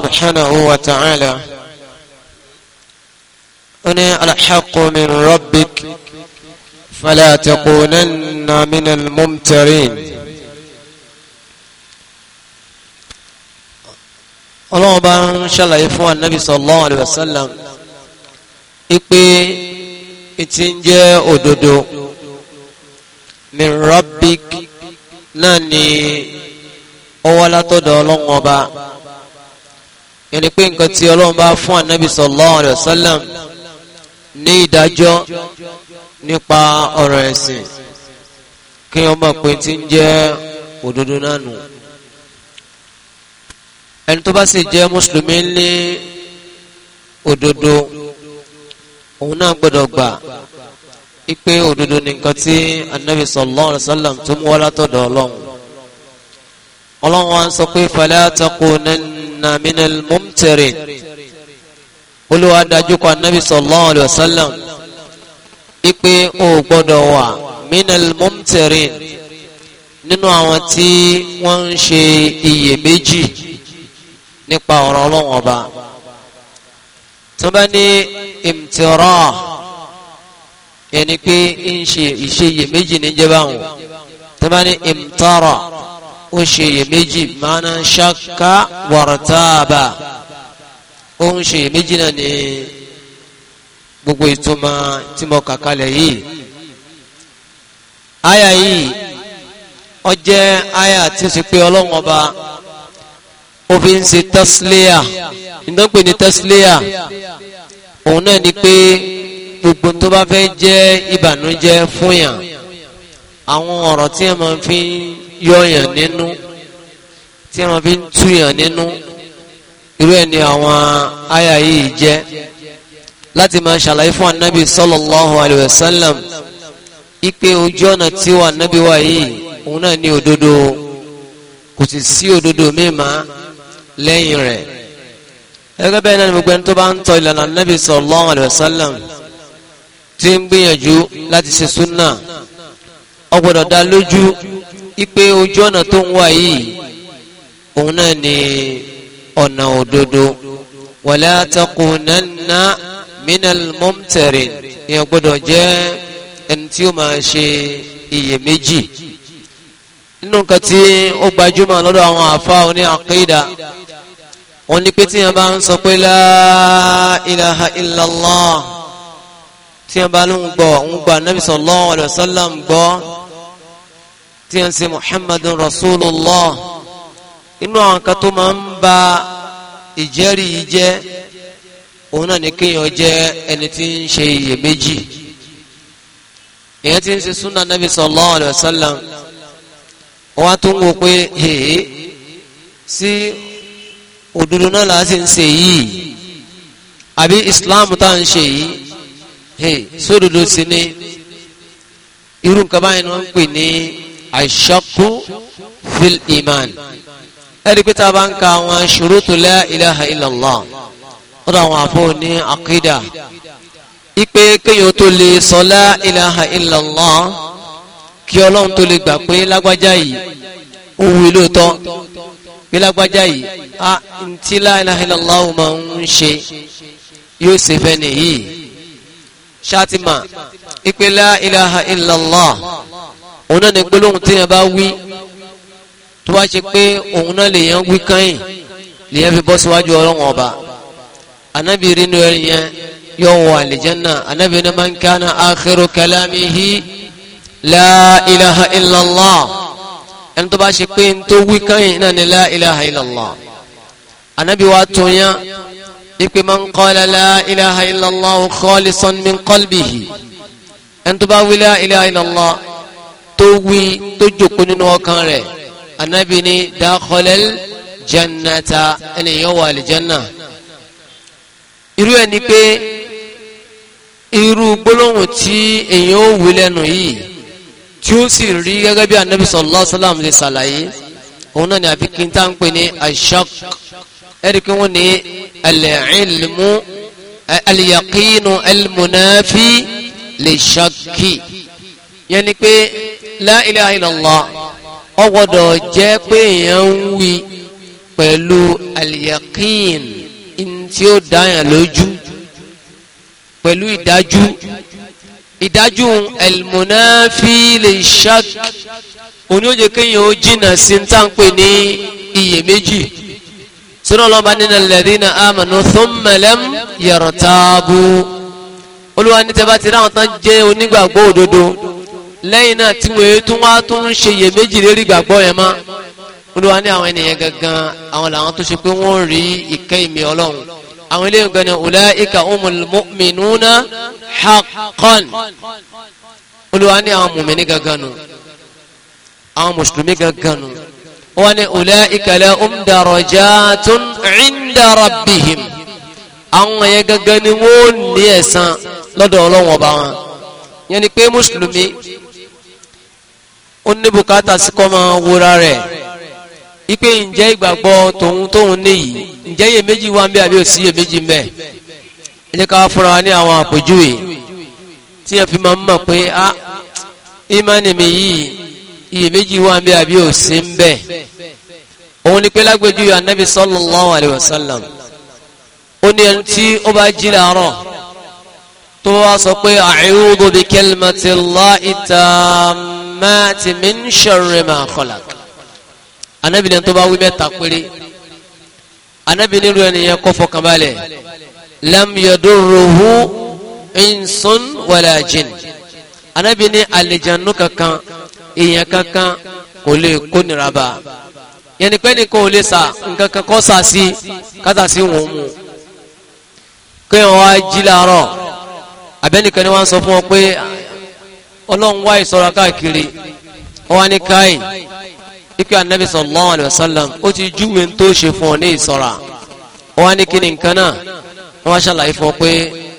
سبحانه وتعالى أنا الحق من ربك فلا تكونن من الممترين ọlọ́run bá ń ṣàlàyé fún anabi sallallahu alayhi wa sallam ipe ti ń jẹ́ òdodo min rabbik náà ni ó látọ̀dọ̀ ọlọ́run ọba yẹni pé nǹkan tí ọlọ́run bá fún ànábì sallallahu alaihi wasallam ní ìdájọ́ nípa ọ̀rọ̀ ẹ̀sìn kí ọmọ pé ti ń jẹ́ òdodo náà nù ẹni tó bá sì jẹ́ mùsùlùmí ní òdodo òun náà gbọ́dọ̀ gbà ipe òdodo ni nǹkan tí anabi sallallahu alaihi wasallam tó mú wá látọ̀dọ̀ ọlọ́run ọlọ́run wa ń sọ pé fala takunanna minal mum muftirin olúwa dájú kọ anabi sallallahu alayhi wa sallam ipe o gbọ́dọ̀ wà minal muftirin nínú àwọn tí wọ́n ń ṣe iyèméjì nípa ọ̀rọ̀ Ọlọ́run ọba tí wọ́n bá ní imtira ẹni pé ń ṣe ìṣeyèméjì níjẹba wọn tí wọ́n bá ní imtara ó ṣe iyèméjì mana shakka wartaba ó ń ṣe méjì náà ní gbogbo ìtumọ̀ tí mo kà kalẹ̀ yìí àyà yìí ó jẹ́ àyà tí ó sì pé ọlọ́run ọba ó fi ń ṣe tẹ́sílẹ́yà nítorí pé ní tẹ́sílẹ́yà òun náà ni pé gbogbo tó bá fẹ́ jẹ́ ìbànújẹ́ fún yàn àwọn ọ̀rọ̀ tí ẹ̀ máa fi yọ̀yàn nínú tí ẹ̀ máa fi túyàn nínú irú ẹni àwọn àyà yìí jẹ́ láti máa ṣàlàyé fún anábì sallallahu alayhi wa ipe ojú ọ̀nà tí wà nábì wà yìí òun náà ní òdodo kò sì sí òdodo mímá lẹ́yìn rẹ̀ ẹgbẹ́ bẹ́ẹ̀ náà ni gbogbo ẹni tó bá ń tọ ìlànà nábì sallallahu alayhi wa sallam tí ń gbìyànjú láti ṣe súnà ó dá lójú ipe ojú ọ̀nà tó ń wà yìí òun náà ni ọ̀nà òdodo wala takunanna minal mumtarin èèyàn gbọ́dọ̀ jẹ́ ẹni tí ó máa ṣe iyèméjì nínú nǹkan tí ó gbajúmọ̀ lọ́dọ̀ àwọn àfa oní àkídà wọ́n ní pé tí yẹn bá ń sọ pé la ilaha tí yẹn bá ń gbọ́ ń gbà nabi sallallahu alaihi gbọ́ tí yẹn ń ṣe muhammadun rasulullah inú àwọn nǹkan tó máa ń ba ìjẹ́rì yìí jẹ́ òun náà ni kéèyàn jẹ́ ẹni tí ń ṣe iyèméjì èèyàn ti ń ṣe súnà nàbì sallallahu alaihi wasallam wọ́n tún wò pé hèé sí òdodo náà là á sì ń ṣe yìí àbí islam tá à ń ṣe yìí hèé sódodo sí ni irú nǹkan báyìí ni wọ́n ń pè ní àṣàkú fil ẹni pé tá a bá ń ka àwọn ṣurutu la ilaha illallah ó dà àwọn àbò ní àkídà ipe kéèyàn tó lè sọ la ilaha illallah kí ọlọ́run tó lè gbà pé lágbájá yìí ó wí lóòótọ́ pé lágbájá yìí a ntí la ilaha illallah máa ń ṣe yóò ṣe fẹ́ nìyí ṣáàtìmá ipe la ilaha illallah òun náà ní gbólóhùn tí yẹn bá wí tó bá ṣe pé òun náà lè yàn wí kányìn lè yàn fi bọ́ síwájú ọlọ́run ọba anabi rinu ẹni yẹn yóò wọ àlìjẹ́nà anabi ní man kana akhiru kalamihi la ilaha illallah ẹni tó bá ṣe pé n tó wí kányìn náà ni la ilaha illallah anabi wa tún yàn ipe man qala la ilaha illallah khalisan min qalbihi ẹni tó bá wí la ilaha illallah tó wí tó jòkó nínú ọkàn rẹ̀ anabi ni dakhalal jannata ẹnìyàn wà àlìjánà irú ẹni pé irú gbólóhùn tí èèyàn ó wí lẹ́nu yìí tí ó sì rí gẹ́gẹ́ bí anabi sallallahu alaihi wasallam lè ṣàlàyé òun náà ni àfi kí n tá ń pè ní ashaq ẹ̀rí kí wọ́n ní al-ilmu al-yaqinu al-munafi pé la ó gbọ́dọ̀ jẹ́ pé èèyàn ń wí pẹ̀lú al-yaqin tí ó dáyàn lójú pẹ̀lú ìdájú ìdájú al-munafi lish-shak òní ó jẹ́ kéèyàn ó jìnà sí ń tánpé ní iyèméjì sọ́nà ọlọ́ba nínú alladhina amanu thumma lam yartabu olúwa ní tẹ́ bá ti ráwọn tán jẹ́ onígbàgbọ́ òdodo lẹ́yìn náà tí wọ́n tún wá tó ń ṣe iyèméjì lérí ìgbàgbọ́ yẹn mọ́ olúwa ní àwọn ènìyàn gangan àwọn làwọn tó ṣe pé wọ́n rí ìkẹ́ ìmì ọlọ́run àwọn ilé ìgbà ni ulaika humul mu'minuna haqqan olúwa ní àwọn mùmíní gangan nù àwọn mùsùlùmí gangan nù wọ́n ní ulaika lahum darajatun 'inda rabbihim àwọn yẹn gangan ni wọ́n ní ẹ̀san lọ́dọ̀ ọlọ́run ọba wọn yẹn ni pé mùsùlùmí ó ní bùkátà sí kọ́ máa wúra rẹ̀ ipe ǹjẹ́ ìgbàgbọ́ tòun tóun níyì ǹjẹ́ iye méjì wà ń bẹ àbí òsì iye méjì ń bẹ ẹ jẹ́ ká fúnra wa ní àwọn àpèjúwe tí ẹ fi máa ń mọ̀ pé a ìmánì mi yìí iye méjì wà ń bẹ àbí òsì ń bẹ òun ni pé lágbèjúwe anabi sallallahu alayhi wa sallam ó ní ẹni tí ó bá jí làárọ̀ tó wá sọ pé a'udhu bi kalimati mati min sharri ma khalaq anabi ní tó bá wí mẹ́ta péré anabi nílò ẹnìyẹn kó fọkàn balẹ̀ lam yadurruhu insun wala jin anabi ní àlejànú kankan èèyàn kankan kò lè kó nira bá yẹn ni lè sa nǹkan kan kọ́ sa sí kátà sí wọn mu kéèyàn wá jí làárọ̀ sọ fún wọn pé ọlọ́run wá ìsọ̀rọ̀ káàkiri ọwọ́ ní káyìn ikú anabi sallallahu alayhi wa sallam ó ti júwe tó ṣe fún ọ ní ìsọ̀rọ̀ ọwọ́ ní kíni nǹkan náà wọ́n ṣàlàyé fún ọ pé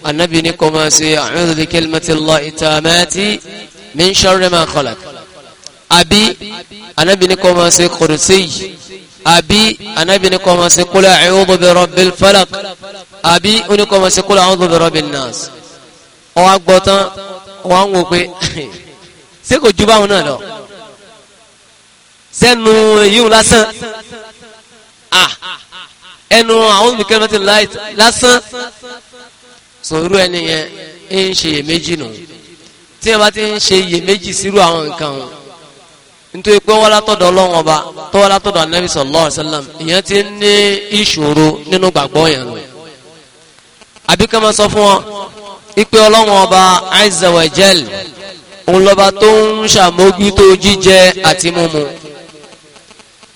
anabi ní kò máa ṣe a'udhu bi kalimatillahi tammati min sharri ma khalaq àbí anabi ní kò máa ṣe kùrùsí yìí àbí anabi ni kọ́ ma ṣe kul a'udhu bi rabbil falaq àbí ó ní kọ́ ma ṣe kul a'udhu bi rabbin nas. ọwọ́ wọ́n ń wo pé ṣé kò ju báwọn náà lọ sẹ́nu yíò lásán ẹnu àwọn mìkẹ́rẹ́ ti lásán sòrú ẹni yẹn ń ṣe iyèméjì nù tí ẹ bá ti ń ṣe iyèméjì sírú àwọn nǹkan o nítorí pé wọ́n látọ̀dọ̀ ọlọ́run ọba tó wọ́n látọ̀dọ̀ anabi sallallahu alaihi wasallam ìyẹn ti ní ìṣòro nínú gbàgbọ́ yẹn lọ àbíkẹ́ máa sọ fún ọ ipe ọlọ́run ọba azza wa jal òun lọ́ba tó ń ṣàmójútó jíjẹ àti mímu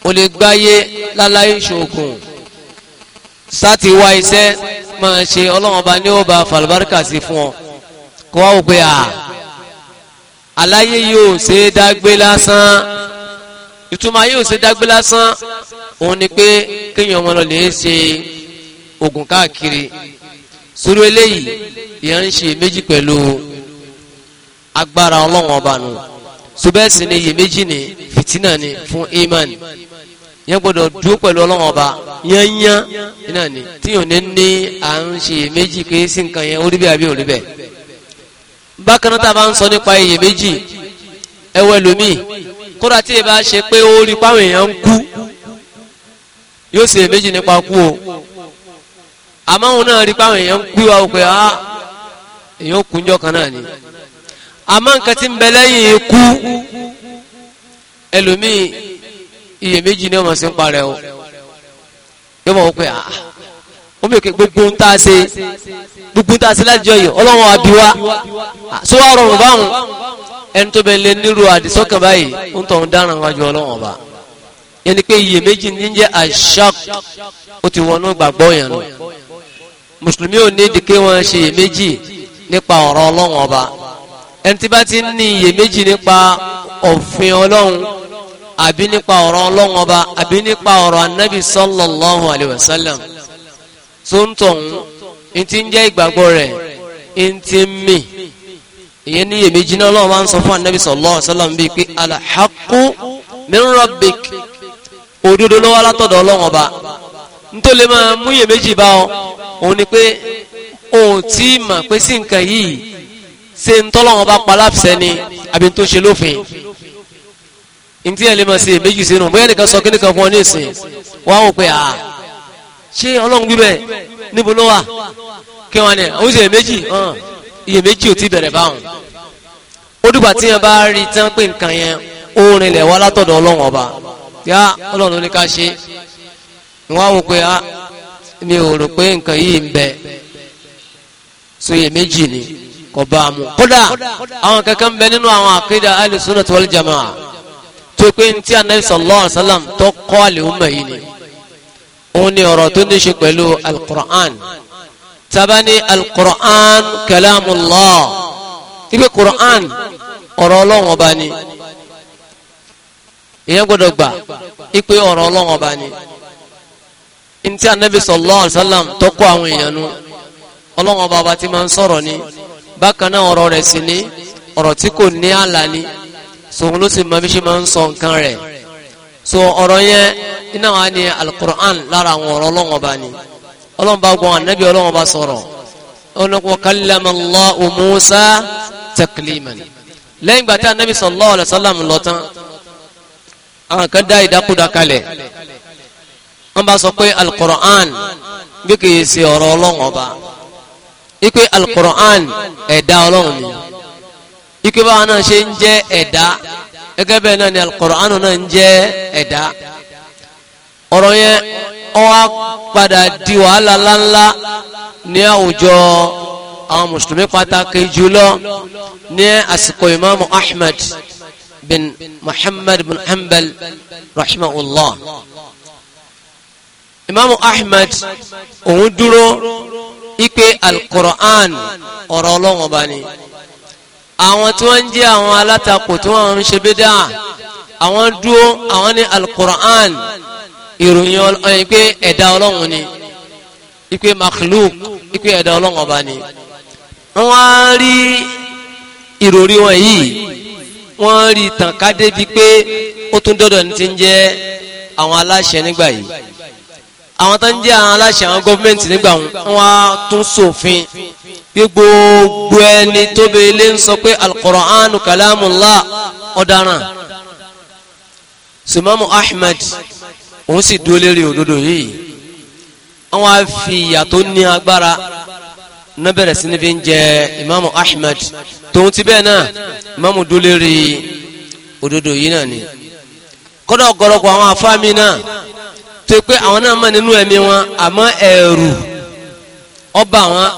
o lè gbáyé láláì ṣòkùn sáti wá iṣẹ́ máa ṣe ọlọ́run ọba ní ọba fàlùbáríkà sí fún ọ kó wá òpè à aláyé yóò ṣe é dágbé lásán ìtumọ̀ ayé ò dágbé lásán òun ni pé kéèyàn ọmọ lọ lè ṣe oògùn káàkiri sórí eléyìí ìyẹn ń ṣe méjì pẹ̀lú agbára ọlọ́wọ́n ọba nù subẹ́sì ni iyèméjì ni fìtínà ni fún iman yẹn gbọ́dọ̀ dúró pẹ̀lú ọlọ́wọ́n ọba yányán iná ni tíyàn ní ní à ń ṣe iyèméjì pé sí nǹkan yẹn ó rí bẹ́ẹ̀ àbí ò rí bẹ́ẹ̀ bákan náà tá a bá ń sọ nípa iyèméjì ẹwẹ́ lomi kódà tí ìbá ṣe pé ó rí páwọn èèyàn ń kú yóò ṣe iyèméjì nípa kú o àmọ́ òun náà rí i pé àwọn èèyàn ń gbé wa pé á ah, èèyàn kúnjọ́ kan náà ni àmọ́ nǹkan tí ń bẹ lẹ́yìn ikú ẹlòmíì iyèméjì ni ọmọ sí ń parẹ́ o yóò mọ̀ wọ́n pé á wọ́n bèèrè gbogbo ń tá a ṣe gbogbo ń tá a ṣe láti jọ yìí ọlọ́wọ́n àbí wa sọ wá ah, rọrùn báwọn ẹni tó bẹ lé nírú àdìsọ́kàn báyìí ń tọ̀ ń dáràn wájú ọlọ́wọ́n ọba yẹn ni pé iyèméjì ní jẹ́ àṣà ó ti wọnú gbàgbọ́ yẹn lọ mùsùlùmí ò ní ìdíkẹ́ wọn ṣe iyèméjì nípa ọ̀rọ̀ ọlọ́run ọba ẹni tí bá ti ń ní iyèméjì nípa òfin ọlọ́run àbí nípa ọ̀rọ̀ ọlọ́run ọba àbí nípa ọ̀rọ̀ anábì sallallahu alayhi wa sallam tó ń tọ̀hún ní ti ń jẹ́ ìgbàgbọ́ rẹ̀ ní ti ń mì ìyẹn ní iyèméjì náà lọ́wọ́ máa ń sọ fún anábì sallallahu alayhi wa sallam bíi pé al-haqqu min rabbik òdodo ló látọ̀dọ̀ ọlọ́run ọba nítorí lè máa mú iyèméjì bá ọ òun ni pé òun tí mà pé sí nǹkan yìí ṣe ń tọ́lọ́wọ́n bá pa láfìsẹ́ ni àbí tó ṣe lófin ntí ẹ lè máa ṣe iyèméjì sínú bóyá nìkan sọ kíníkan fún ọ ní ìsìn wàá wò pé àá ṣé ọlọ́run gbígbẹ́ níbo ló wà kí wọn ni ó ṣe iyèméjì hàn iyèméjì ò ti bẹ̀rẹ̀ báwọn ó tí yẹn bá rí tán pé nǹkan yẹn ó rinlẹ̀ wá látọ̀dọ̀ ọlọ́run ọba yá ọlọ́run ní ká ṣe wọ́n wò pé ah, mi ò rò pé nǹkan yìí ń bẹ sóye méjì ni kò bá a mú kódà àwọn kankan bẹ nínú àwọn àkídà al-sunnah jamaa tó pé ní tí anabi sallallahu sallam tó kọ́ àlè ọmọ ni òun ni ọ̀rọ̀ tó ní ṣe pẹ̀lú al-Qur'an tabani al-Qur'an kalamullah ibi Qur'an ọ̀rọ̀ ọlọ́run ọba ni ìyẹn gbọ́dọ̀ gbà ipe ọ̀rọ̀ ọlọ́run ọba ni ntí anabi sallallahu Alaihi wa sallam tó àwọn èèyàn nu ọlọ́wọ́n bàbá ti máa ń sọ̀rọ̀ ni bákan náà ọ̀rọ̀ rẹ̀ sì ni ọ̀rọ̀ tí kò ní àlà ni sòun ló sì máa fi ṣe máa ń sọ nǹkan rẹ̀ so ọ̀rọ̀ yẹn iná wa ni alukur'an lára àwọn ọ̀rọ̀ ọlọ́wọ́n bá ni ọlọ́wọ́n bá gbọ́n anabi ọlọ́wọ́n bá sọ̀rọ̀ ọlọ́wọ́n kallama Allahu Musa takliman lẹ́yìn gbàtà anabi sallallahu Alaihi wa sallam lọ́tàn àwọn kan dá ìdákúdá kalẹ̀ wọ́n bá sọ pé alukur'an bí kìí ṣe ọ̀rọ̀ ọlọ́run ọba ipe alukur'an ẹ̀dá ọlọ́run ni ipe báwa náà ṣe ń jẹ́ ẹ̀dá gẹ́gẹ́ bẹ́ẹ̀ náà ni alukur'an náà ń jẹ́ ẹ̀dá ọ̀rọ̀ yẹn ọwọ́ padà di wàhálà ńláńlá ní àwùjọ àwọn mùsùlùmí pàtàkì jùlọ ní àsìkò imaamu ahmed bin muhammad bin hanbal rahimahullah. Imamu ahmed òun dúró ipe alqur'an ọ̀rọ̀ ọlọ́run ọba ni àwọn tí wọ́n ń jẹ́ àwọn alátakò tí wọ́n ń ṣe bídà àwọn dúró àwọn ní alqur'an ìròyìn ipe ẹ̀dá ọlọ́run ni ipe makhluk ipe ẹ̀dá ọlọ́run ọba ni wọ́n á rí ìròrí wọn yìí wọ́n rí tàn ká pé ó tún dọ́dọ̀ ní ti ń jẹ́ àwọn aláṣẹ nígbà yìí àwọn tó ń jẹ́ àwọn aláṣẹ àwọn gọ́fìmẹ̀ntì nígbà wọn á tún ṣòfin bí gbogbo ẹni tó ilé ń sọ pé alukọ̀rọ̀ánu kalamullah ọ̀daràn sumamu ahmed òun sì dúró lérí òdodo yìí àwọn afi ìyà tó ní agbára náà sí ní fi ń jẹ imaamu ahmed tòun ti bẹ́ẹ̀ náà imaamu dúró lérí òdodo yìí náà ni kọ́dọ̀ ọ̀gọ̀rọ̀gọ̀ àwọn afáàmì náà tó pé àwọn náà mọ̀ nínú ẹ̀mí wọn àmọ́ ẹ̀rù ọba wọn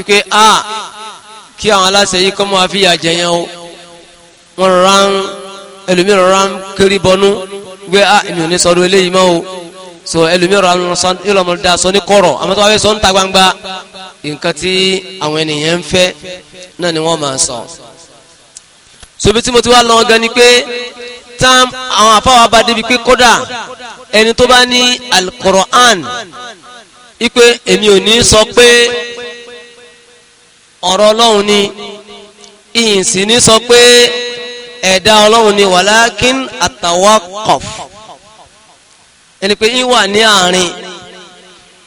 ipe a kí àwọn aláṣẹ yìí kọ́ mọ́ àfihàn jẹyàn o wọ́n rọra ń ẹlòmíì rọra ń kiri bọnú gbé a èmi ò ní sọdún eléyìí mọ́ o so ẹlòmíì rọra ń sọ ìlọmọdé aṣọ ní kọ̀rọ̀ àmọ́ tó wá fẹ́ sọ ń ta gbangba nǹkan tí àwọn ènìyàn ń fẹ́ náà ni wọ́n máa sọ sobi tí mo ti wá lọ́wọ́ gan ni pé tam àwọn àfáwà bá débi pé kódà ẹni tó bá ní al-Qur'an ipe èmi ò ní sọ pé ọ̀rọ̀ ọlọ́run ni ìyìn sì ní sọ pé ẹ̀dá ọlọ́run ni wàlákín àtàwákọ̀f ẹni pé yín wà ní àárín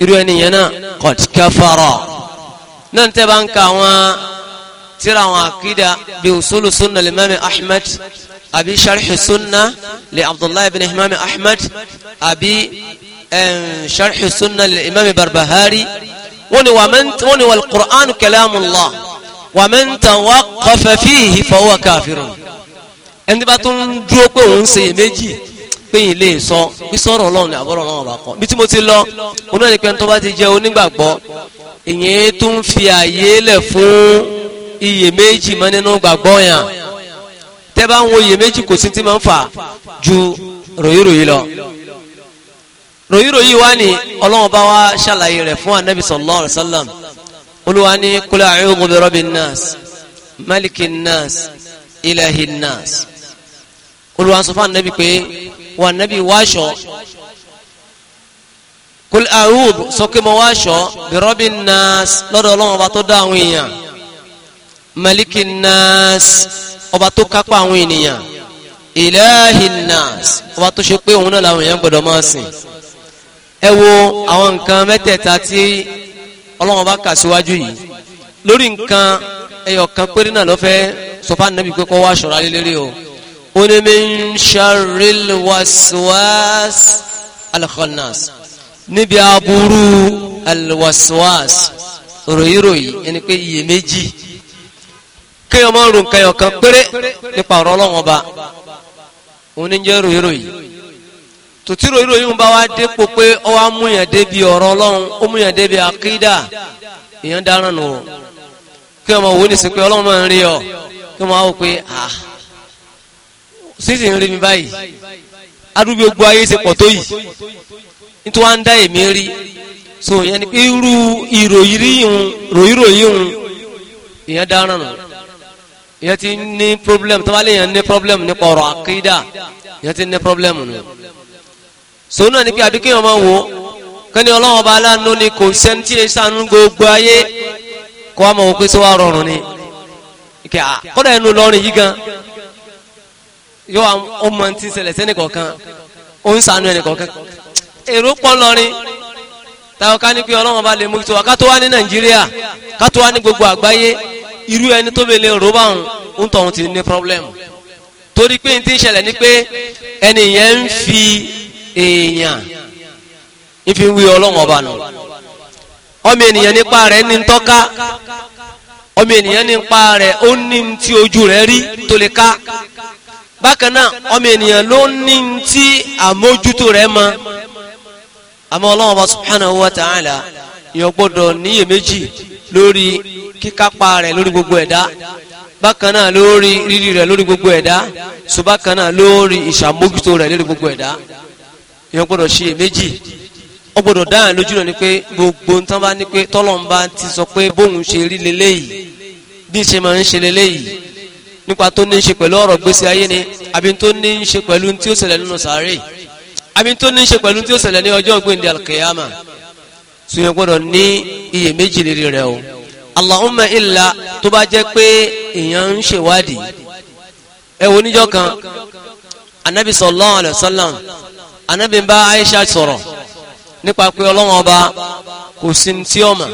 irú ẹnìyẹn náà qad kafara náà tẹ́ bá ń ka àwọn tíra àwọn àkídà bí usulu sunna Ahmed àbí sharhi sunna li abdullahi bin imam ahmed àbí sharhi sunna li imam barbahari wọ́n ni wà al-qur'an kalamullah wa man tawaqqafa fihi fa huwa kafirun ẹni bá tún dúró pé òun ṣe méjì pé yìí lè sọ bí sọ̀rọ̀ ọlọ́run ní àbọ̀rọ̀ ọlọ́run ọba kan bí tí mo ti lọ òun náà ni pé tó bá ti jẹ́ onígbàgbọ́ ìyẹn tún fi àyè lẹ̀ fún iyèméjì mọ́ nínú gbàgbọ́ yàn tẹ́ bá ń wo iyèméjì kò sí ti máa ń fà ju ròyìnròyìn lọ ròyìnròyìn wá ní ọlọ́run bá wá ṣàlàyé rẹ̀ fún anabi sallallahu alayhi wa sallam olúwa ní kúlẹ̀ a'udhu bi rabbin nas malikin nas ilahin nas olúwa sọ fún anabi pé wà anabi wáṣọ kul a'udhu sọkèmọ wáṣọ bi rabbin nas lọ́dọ̀ ọlọ́run bá tó dá àwọn èèyàn malikin nas ọba tó kápá àwọn ènìyàn ilahinnas ọba tó ṣe pé òun náà làwọn èèyàn gbọdọ̀ máa sìn ẹ wo àwọn nǹkan mẹ́tẹ̀ẹ̀ta tí ọlọ́run bá kà síwájú yìí lórí nǹkan ẹyọ kan péré náà lọ́fẹ́ sọfá nàbí pé kọ́ wá ṣọ̀rọ̀ alẹ́ o ó ní níbi aburú al ròyìnròyìn ẹni pé iyèméjì kí ọmọ rò nǹkan ẹ̀yọ̀ kan péré nípa ọ̀rọ̀ ọlọ́wọ́n ọba òun ní jẹ́ ròyìnròyìn tòtí ròyìnròyìn ń bá wa dépò pé ọ wá mú yàn débi ọ̀rọ̀ ọlọ́run ó mú yàn débi àkídà èèyàn dáràn nù ọ kí ọmọ òun ní sí pé ọlọ́run máa ń rí ọ kí ọmọ àwọn pé ah sísì ń rí mi báyìí arúgbó gbogbo ayé ṣe pọ̀ tó yìí nítorí wọ́n ń dá èmi rí so yẹn ni irú ìròyìn ròyìnròyìn èèyàn dáràn nù ọ ìyẹn ti problem tó bá lè problem ni ọ̀rọ̀ àkídà ìyẹn ti problem nù. sòwò náà ni pé àbí kéèyàn máa wò ó kẹ́ni ọlọ́wọ́n bá aláàánú ni kò sẹ́ńtì ìsànú gbogbo ayé kó a mọ̀ wò pé sọ́wọ́ rọrùn ni kọ́dà ẹnu lọ́rin yìí gan yóò ọmọ tí ń ṣẹlẹ̀ sẹ́ni kọ̀ọ̀kan ó ń sànú ẹni kọ̀ọ̀kan èrò pọ̀ lọ́rin táwọn ká ní pé ọlọ́wọ́n bá lè mú tó wa ká tó wá ní Nàìjíríà ká tó wá ní gbogbo àgbáyé irú ẹni tó bèlè ń robá òun ń tọ̀hún ti ní problem torí pé ti ń ṣẹlẹ̀ ni pé ẹni yẹn ń fi èèyàn ń fi wí ọlọ́run ọba nù ọmọ ènìyàn nípa rẹ̀ ní tọ́ka ọmọ ènìyàn nípa rẹ̀ ó ní ti ojú rẹ̀ rí tó lè ká bákan náà ọmọ ènìyàn ló ní ti àmójútó rẹ̀ mọ àmọ́ ọlọ́run ọba subhanahu wa ta'ala ìyẹn gbọ́dọ̀ níyèméjì lórí kíkápá rẹ̀ lórí gbogbo ẹ̀dá bákan náà lórí rírì rẹ̀ lórí gbogbo ẹ̀dá so bákan náà lórí ìṣàmójútó rẹ̀ lórí gbogbo ẹ̀dá èèyàn gbọ́dọ̀ ṣe méjì ó gbọ́dọ̀ dáhà lójú rẹ̀ ni pé gbogbo tán bá ní pé tọ́lọ́mbà ti sọ pé bóun ṣe rí leléyìí bí ṣe máa ń ṣe leléyìí nípa tó ní í ṣe pẹ̀lú ọ̀rọ̀ gbèsè ayé ni àbí tó ní í ṣe pẹ̀lú tí ó ṣẹlẹ̀ nínú sàárè àbí tó ní í ṣe pẹ̀lú tí ó ṣẹlẹ̀ ní ọjọ́ ògbéǹde alkiyama sùnyẹn gbọ́dọ̀ ní iyèméjì lérí rẹ̀ o Allahumma illa tó bá jẹ́ pé èèyàn ń ṣèwádìí ẹ wo níjọ́ kan anabi sallallahu alayhi wa sallam anabi ń bá Aisha sọ̀rọ̀ nípa pé ọlọ́wọ́n ọba kò sí tí ọmọ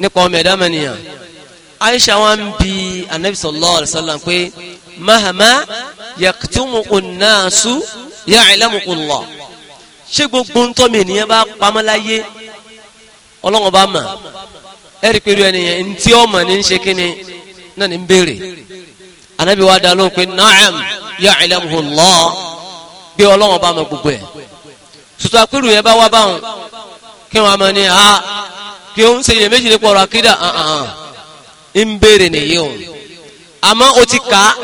nípa ọmọ ẹ̀dá mẹ́niyàn Aisha wa ń bi anabi sallallahu alayhi wa sallam pé mahama yaktumu an-nasu ya'lamu ṣé gbogbo ń tọ́mi ènìyàn bá pamọ́ láyé ọlọ́run bá mà ẹ̀rí pé irú ẹnìyàn ní tí ọmọ ní ń ṣe kíni náà ní ń béèrè anabi wa dá lóhùn pé naam ya'lamuhu Allah gbé ọlọ́run bá mọ gbogbo ẹ̀ sùtò àpérò yẹn bá wá báwọn kí wọn mọ ní ha ah, kí wọn ń ṣe yẹn méjì nípa ọ̀rọ̀ akídà ń béèrè nìyí o àmọ́ o ti kà á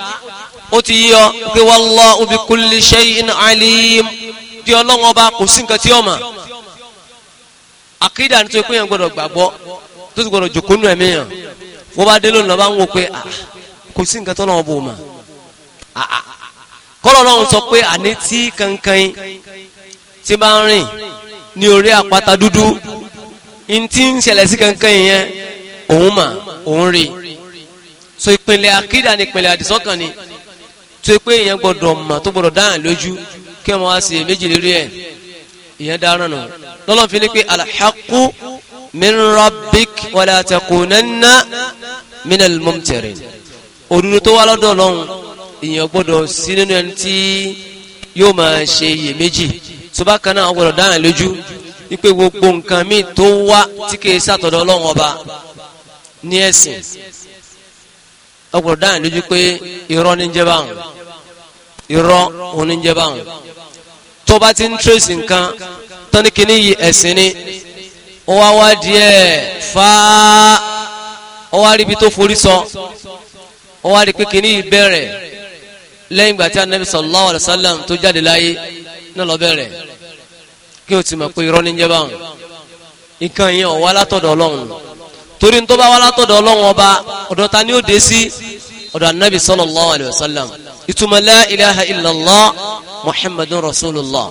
o ti yí ọ pé wallahu bi kulli shay'in alim pé ọlọ́wọ́n ọba kò sí nǹkan tí ọmọ àkídà nítorí pé yẹn gbọ́dọ̀ gbàgbọ́ tó ti gbọ́dọ̀ jòkó nù ẹ̀mí yàn wọ́n bá dé lónìí lọ́ba ń wò pé ah, kò sí nǹkan tọ́lọ́wọ́n bò mà ah, ah, kọ́lọ́ ọlọ́run sọ pé àní tí kankan tí bá ń rìn ní orí àpáta dúdú n ń ṣẹlẹ̀ sí kankan yẹn òun mà òun rí so ìpínlẹ̀ àkídà ni ìpínlẹ̀ àdìsọ́kàn ni tó pé èèyàn gbọ́dọ̀ mà tó gbọ́dọ̀ dáhàn lójú kí wọ́n á sì méjì lérí ẹ̀ ìyẹn dáràn nù lọ́lọ́n fi ní pé alhaqqu min rabbik wala takunanna min al-mumtarin òdodo tó wá lọ́dọ̀ lọ́hùn ìyẹn gbọ́dọ̀ sí nínú ẹni tí yóò máa ṣe iyèméjì tó bá kan náà gbọ́dọ̀ dáhàn lójú wípé gbogbo nǹkan míì tó wá tí kìí sàtọ̀dọ̀ ọlọ́run ọba ní ẹ̀sìn ọgbọ̀dọ̀ dáhàn lójú pé irọ́ ní jẹ́ báwọn irọ́ òní jẹ́ báwọn tó bá ti ń trace nǹkan tán ní kíní yìí ẹ̀sìn ni ó wá wá díẹ̀ fa ó wá rí ibi tó forí sọ ó wá rí pé kíní yìí bẹ̀rẹ̀ lẹ́yìn ìgbà tí anabi sallallahu alayhi wa sallam tó jáde láyé náà lọ bẹ̀rẹ̀ kí o ti mọ̀ pé irọ́ ní jẹ́ báwọn nǹkan yẹn ọ̀wá látọ̀dọ̀ ọlọ́run torí tó wá látọ̀dọ̀ ọlọ́run ọba ọ̀dọ̀ ta ni ó dé sí ọ̀dọ̀ anabi sallallahu alayhi wa sallam ìtumọ̀ la ilaha illallah muhammadun rasulullah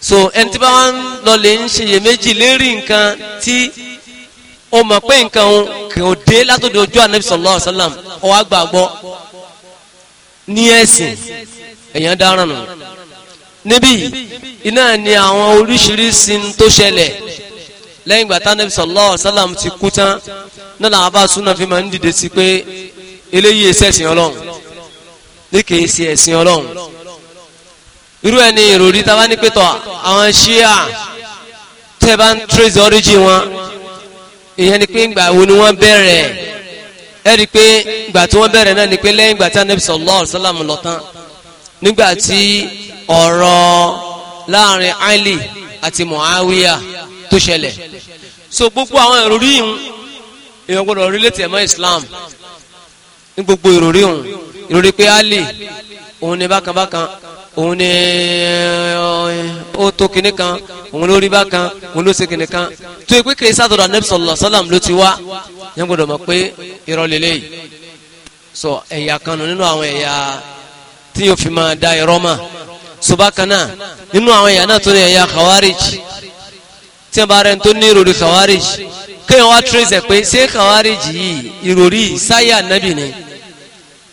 so ẹni tí bá wọn lọ lè ń ṣiyèméjì lérí nǹkan tí ó mọ̀ pé nǹkan òun kì dé látòdì ojú anabi sallallahu alaihi wasallam ó wá gbàgbọ́ ní ẹ̀sìn èèyàn dáràn nù níbí iná ni àwọn oríṣiríṣi tó ṣẹlẹ̀ lẹ́yìn ìgbà tánàbí sallallahu alaihi wasallam ti kú tán náà làwọn bá súnà fi máa ń dìde sí pé eléyìí ẹsẹ̀ ẹ̀sìn ọlọ́run ní kìí ṣe ẹ̀sìn ọlọ́run irú ẹni ìròrí tá bá ní pẹ́tọ̀ àwọn ṣíà tẹ́ bá ń trace origin wọn ìyẹn ni pé ìgbà wo ni wọ́n bẹ̀rẹ̀ ẹ rí i pé ìgbà tí wọ́n bẹ̀rẹ̀ náà ni pé lẹ́yìn ìgbà tí anabi sallallahu alaihi wasallam lọ tán nígbà tí ọ̀rọ̀ láàrin Ali àti Muawiya tó ṣẹlẹ̀ so gbogbo àwọn ìròrí yìí èèyàn gbọ́dọ̀ relate ẹ̀mọ́ Islam ní gbogbo ìròrí òun ìròrí pé Ali òun ni bákan bákan òun ni ó eh, tó kinní kan òun ló rí bá kan òun ló ṣe kinní kan tó ìpín kìí sátọ̀dọ̀ anabi sọlọ sọlọm ló ti wá yẹn gbọdọ̀ mọ̀ pé irọ́ lélẹ̀ yìí sọ ẹ̀yà kan nínú àwọn ẹ̀yà tí yóò fi máa da irọ́ mà subakana nínú àwọn ẹ̀yà náà tó ní ẹ̀yà khawarij tí wọ́n bá rẹ̀ tó ní ìròrí khawarij kéèyàn wá tírèsẹ̀ pé ṣé khawarij yìí ìròrí sáyà nábì ni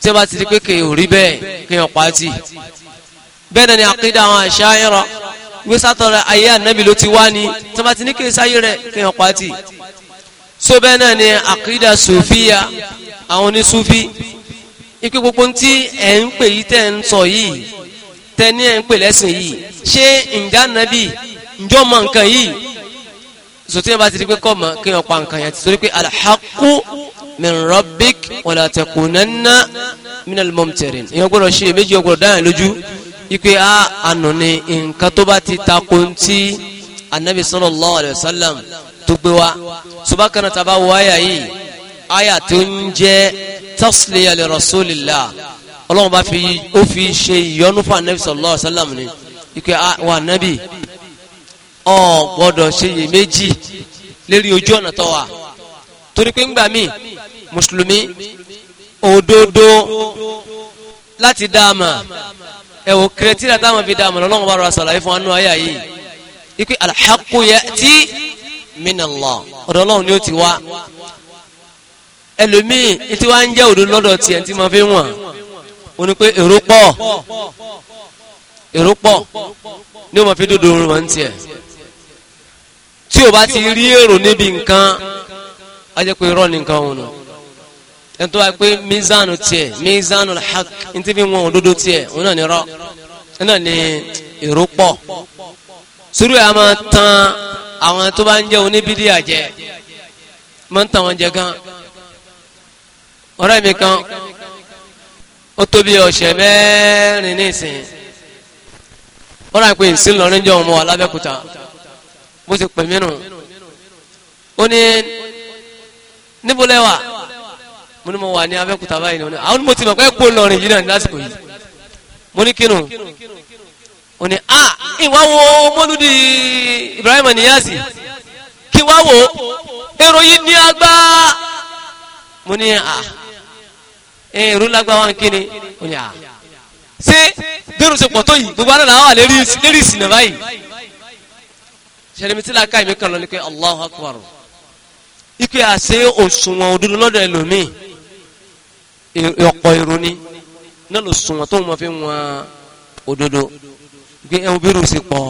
tí wọ́n bá ti di pé kéèyàn rí bẹ́ẹ̀ kéèyàn pàtì bẹ́ẹ̀ náà ni àkídà àwọn àṣàyẹ̀rọ gbé sátọ̀rọ̀ ayé ànábì ló ti wá ni tí wọ́n ti ní kéésì ayé rẹ̀ fi hàn pàtì so bẹ́ẹ̀ náà ni àkídà sòfíà àwọn onísúfí ike gbogbo tí ẹ̀ ń pè yìí tẹ́ ń sọ yìí tẹ́ ní ẹ̀ ń pè lẹ́sìn yìí ṣé ǹjẹ́ ànábì ǹjọ́ mọ nǹkan yìí sòtí yẹn bá ti di pé kọ́ mọ kí wọ́n pa nǹkan yẹn ti torí pé alhaqqu min rabbik wala minal mumtarin ìyẹn gbọ́dọ̀ ṣe èméjì ọgbọ́dọ̀ dáhàn lójú ipe a ànú ni nǹkan tó bá ti takò ń tí anabi sallallahu alayhi wa sallam tó gbé wa subakana taba wo aya yìí aya tó ń jẹ tasliya li rasulillah ọlọ́run bá fi ó fi ṣe ìyọnu fún anabi sallallahu alayhi wa sallam ni ipe a wa anabi ọ gbọ́dọ̀ ṣe iyèméjì lérí ojú ọ̀nà tó wà torí pé ńgbà míì mùsùlùmí òdodo láti dáa mà ẹ̀wọ̀n kìrẹ́tìrà táwọn fi dá àmàlà ọlọ́run bá rọra sàlàyé fún anú ayé yìí ipe alhaqqu ya'ti minallah ọ̀dọ̀ ọlọ́run ni ó ti wá ẹlòmíì tí wàá ń jẹ́ òdo lọ́dọ̀ tiẹ̀ tí mo fi wọ̀n o ní pé èrò pọ̀ èrò pọ̀ ní o ma fi dúdú orun ma ń tiẹ̀ tí o bá ti rí èrò níbi nǹkan a jẹ́ pé irọ́ nìkan òun nù ẹni tó wá pé mizanu tiẹ̀ mizanu haq ní tí fi wọn òdodo tiẹ̀ òun náà ní rọ òun náà ní èrò pọ̀ sùúrù yà máa tan àwọn tó bá ń jẹ́ oníbídí àjẹ́ máa ń tan wọn jẹ gan ọ̀rẹ́ mi kan ó tó ọ̀sẹ̀ mẹ́rin nísìnyí ó rà pé ìsìn lọ́rin jọ ọmọ alábẹ́kúta bó ti pè mí nù ó ní níbo lẹ́wà mo ní mo wà ní abẹ́kúta báyìí ni àwọn mo ti mọ̀ pé kó lọrin yìí náà lásìkò yìí mo ní kínú ó ní a ìwà wo mọ́lúdì Ibrahim Niyasi kí wá wo èrò yìí ní agbá mo ní a èrò lágbá wa ń kíni ó ní a ṣé bẹ́rù ṣe pọ̀ tó yìí gbogbo àná wà lérí ìsìnà báyìí ṣẹlẹ̀mìtì làákà ìmí kan lọ ní pé Allahu Akbar ipe àṣẹ òṣùwọ̀n òdodo lọ́dọ̀ ẹlòmíì ọ̀pọ̀ irun ni náà ló sùn wọn tó wọn fi wọn òdodo gbé ẹwọn bí rúùsì pọ̀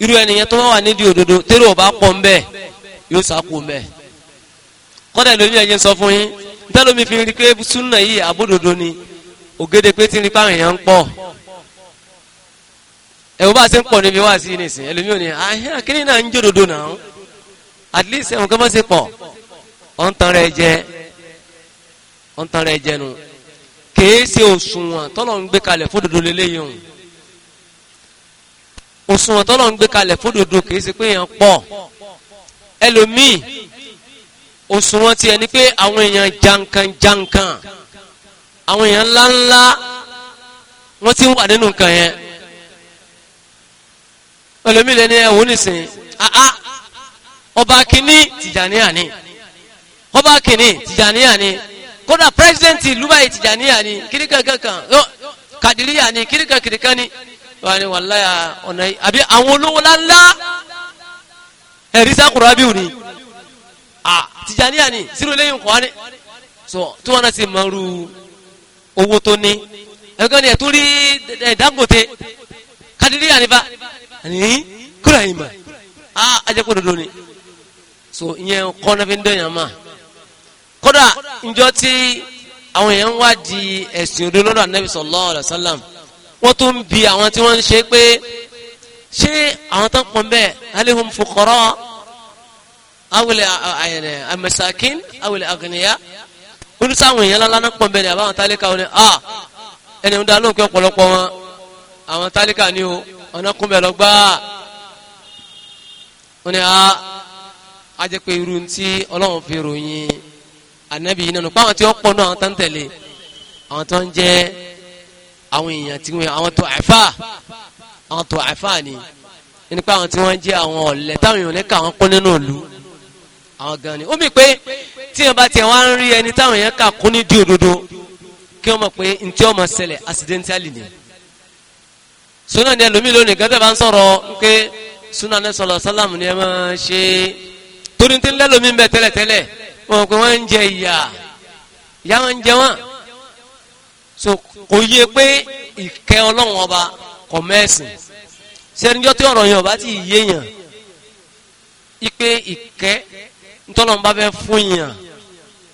irú ẹnìyẹn tó wà nídìí òdodo tẹ́rù ọba pọ̀ ń bẹ̀ yóò sáku ń bẹ̀ kọ́dà lómi ẹ̀yẹ sọ fún yín ntẹ́lómi fi rí pé súnà yìí àbódodo ni ògèdè pé tí ń rí pàrọ̀ èèyàn ń pọ̀ ẹ̀wọ́n bá ṣe ń pọ̀ níbi wá sí nìsín ẹlòmí ò ní àhíhàn kí ni náà ń jòdòdó náà at least ẹ̀wọ̀n kan bá ṣe pọ̀ ọ̀ ń tan rẹ̀ jẹ́ ọ̀ ń tan rẹ̀ jẹnu kèé ṣe òṣùwọ̀n tọ́lọ̀ ń gbé kalẹ̀ fódodo lélẹ́yìn òun òṣùwọ̀n tọ́lọ̀ ń gbé kalẹ̀ fódodo kèé pé èèyàn pọ̀ ẹlòmíì òṣùwọ̀n tiẹ̀ ni pé àwọn èèyàn jankan jankan àwọn èèyàn ńláńlá wọ́n ti ń wà nínú nǹkan yẹn ẹlòmíì lẹ́ni ẹ̀wọ̀n nìsín àá ọba kìíní Tìjàníyà ni ọba kìíní Tìjàníyà kódà president ìlú báyìí Tìjàníyà ni kíríkan kankan kàdíríyà ni kíríkan kíríkan ni wà ní wàláyà ọ̀nà yìí àbí àwọn olówó ńláńlá ẹ̀rí sákùrọ̀ abíù ni Tìjàníyà ni sírò lẹ́yìn kọ́ ni tí wọ́n náà ti mọ irú owó tó ní ẹ̀gbọ́n ni ẹ̀tún rí Dangote kàdíríyà ni bá ní kúrò àyìnbá ajẹ́kọ̀ọ́ dodo ni so ìyẹn kọ́ náà fi ń dẹ̀yàn máa kódà njọ́ tí àwọn èèyàn ń wádìí ẹ̀sìn òdo lọ́dọ̀ anabi sallallahu alaihi wasallam wọ́n tún bi àwọn tí wọ́n ń ṣe pé ṣé àwọn tó ń pọn bẹ́ẹ̀ alihum fuqara awele ayẹlẹ amasakin awele agniya wọ́n tún sáwọn èèyàn lánàá pọn bẹ́ẹ̀ ni àbáwọn tálíkà wọn ni a ẹni ń da lóhùn pé ọ̀pọ̀lọpọ̀ wọn àwọn tálíkà ni o ọ̀nà kúnbẹ̀ lọ gbáà ni a a pé irú ti ọlọ́run fi ròyìn anabi yìí nínú pàwọn tí wọn pọ̀ náà àwọn tó ń tẹ̀lé àwọn tó ń jẹ́ àwọn èèyàn tí wọn àwọn tó àfà àwọn tó àfà ni nípa àwọn tí wọ́n jẹ́ àwọn ọ̀lẹ táwọn èèyàn lẹ́ka àwọn kún nínú ìlú àwọn gan ni ó mì pé tí wọn bá tiẹ̀ wá ń rí ẹni táwọn èèyàn kà kún ní di òdodo kí wọ́n mọ̀ pé ntí ọmọ ṣẹlẹ̀ accidentally ni suna ni ẹlòmíì lónìí gẹ́gẹ́ bá ń sọ̀rọ̀ pé suna ní sọlọ sálàmù ni ẹ máa ṣe torí ti ń lẹ́lòmíì ń tẹ́lẹ̀tẹ́lẹ̀ wọn pé wọ́n ń jẹ ìyà ìyà wọn ń jẹ wọn so kò yẹ pé ìkẹ́ ọlọ́run ọba kọ̀ mẹ́sìn sẹ́nijọ́ tí ọ̀rọ̀ yẹn ọba ti yéèyàn ipe ìkẹ́ ntọ́lọ́run bá fẹ́ fún yàn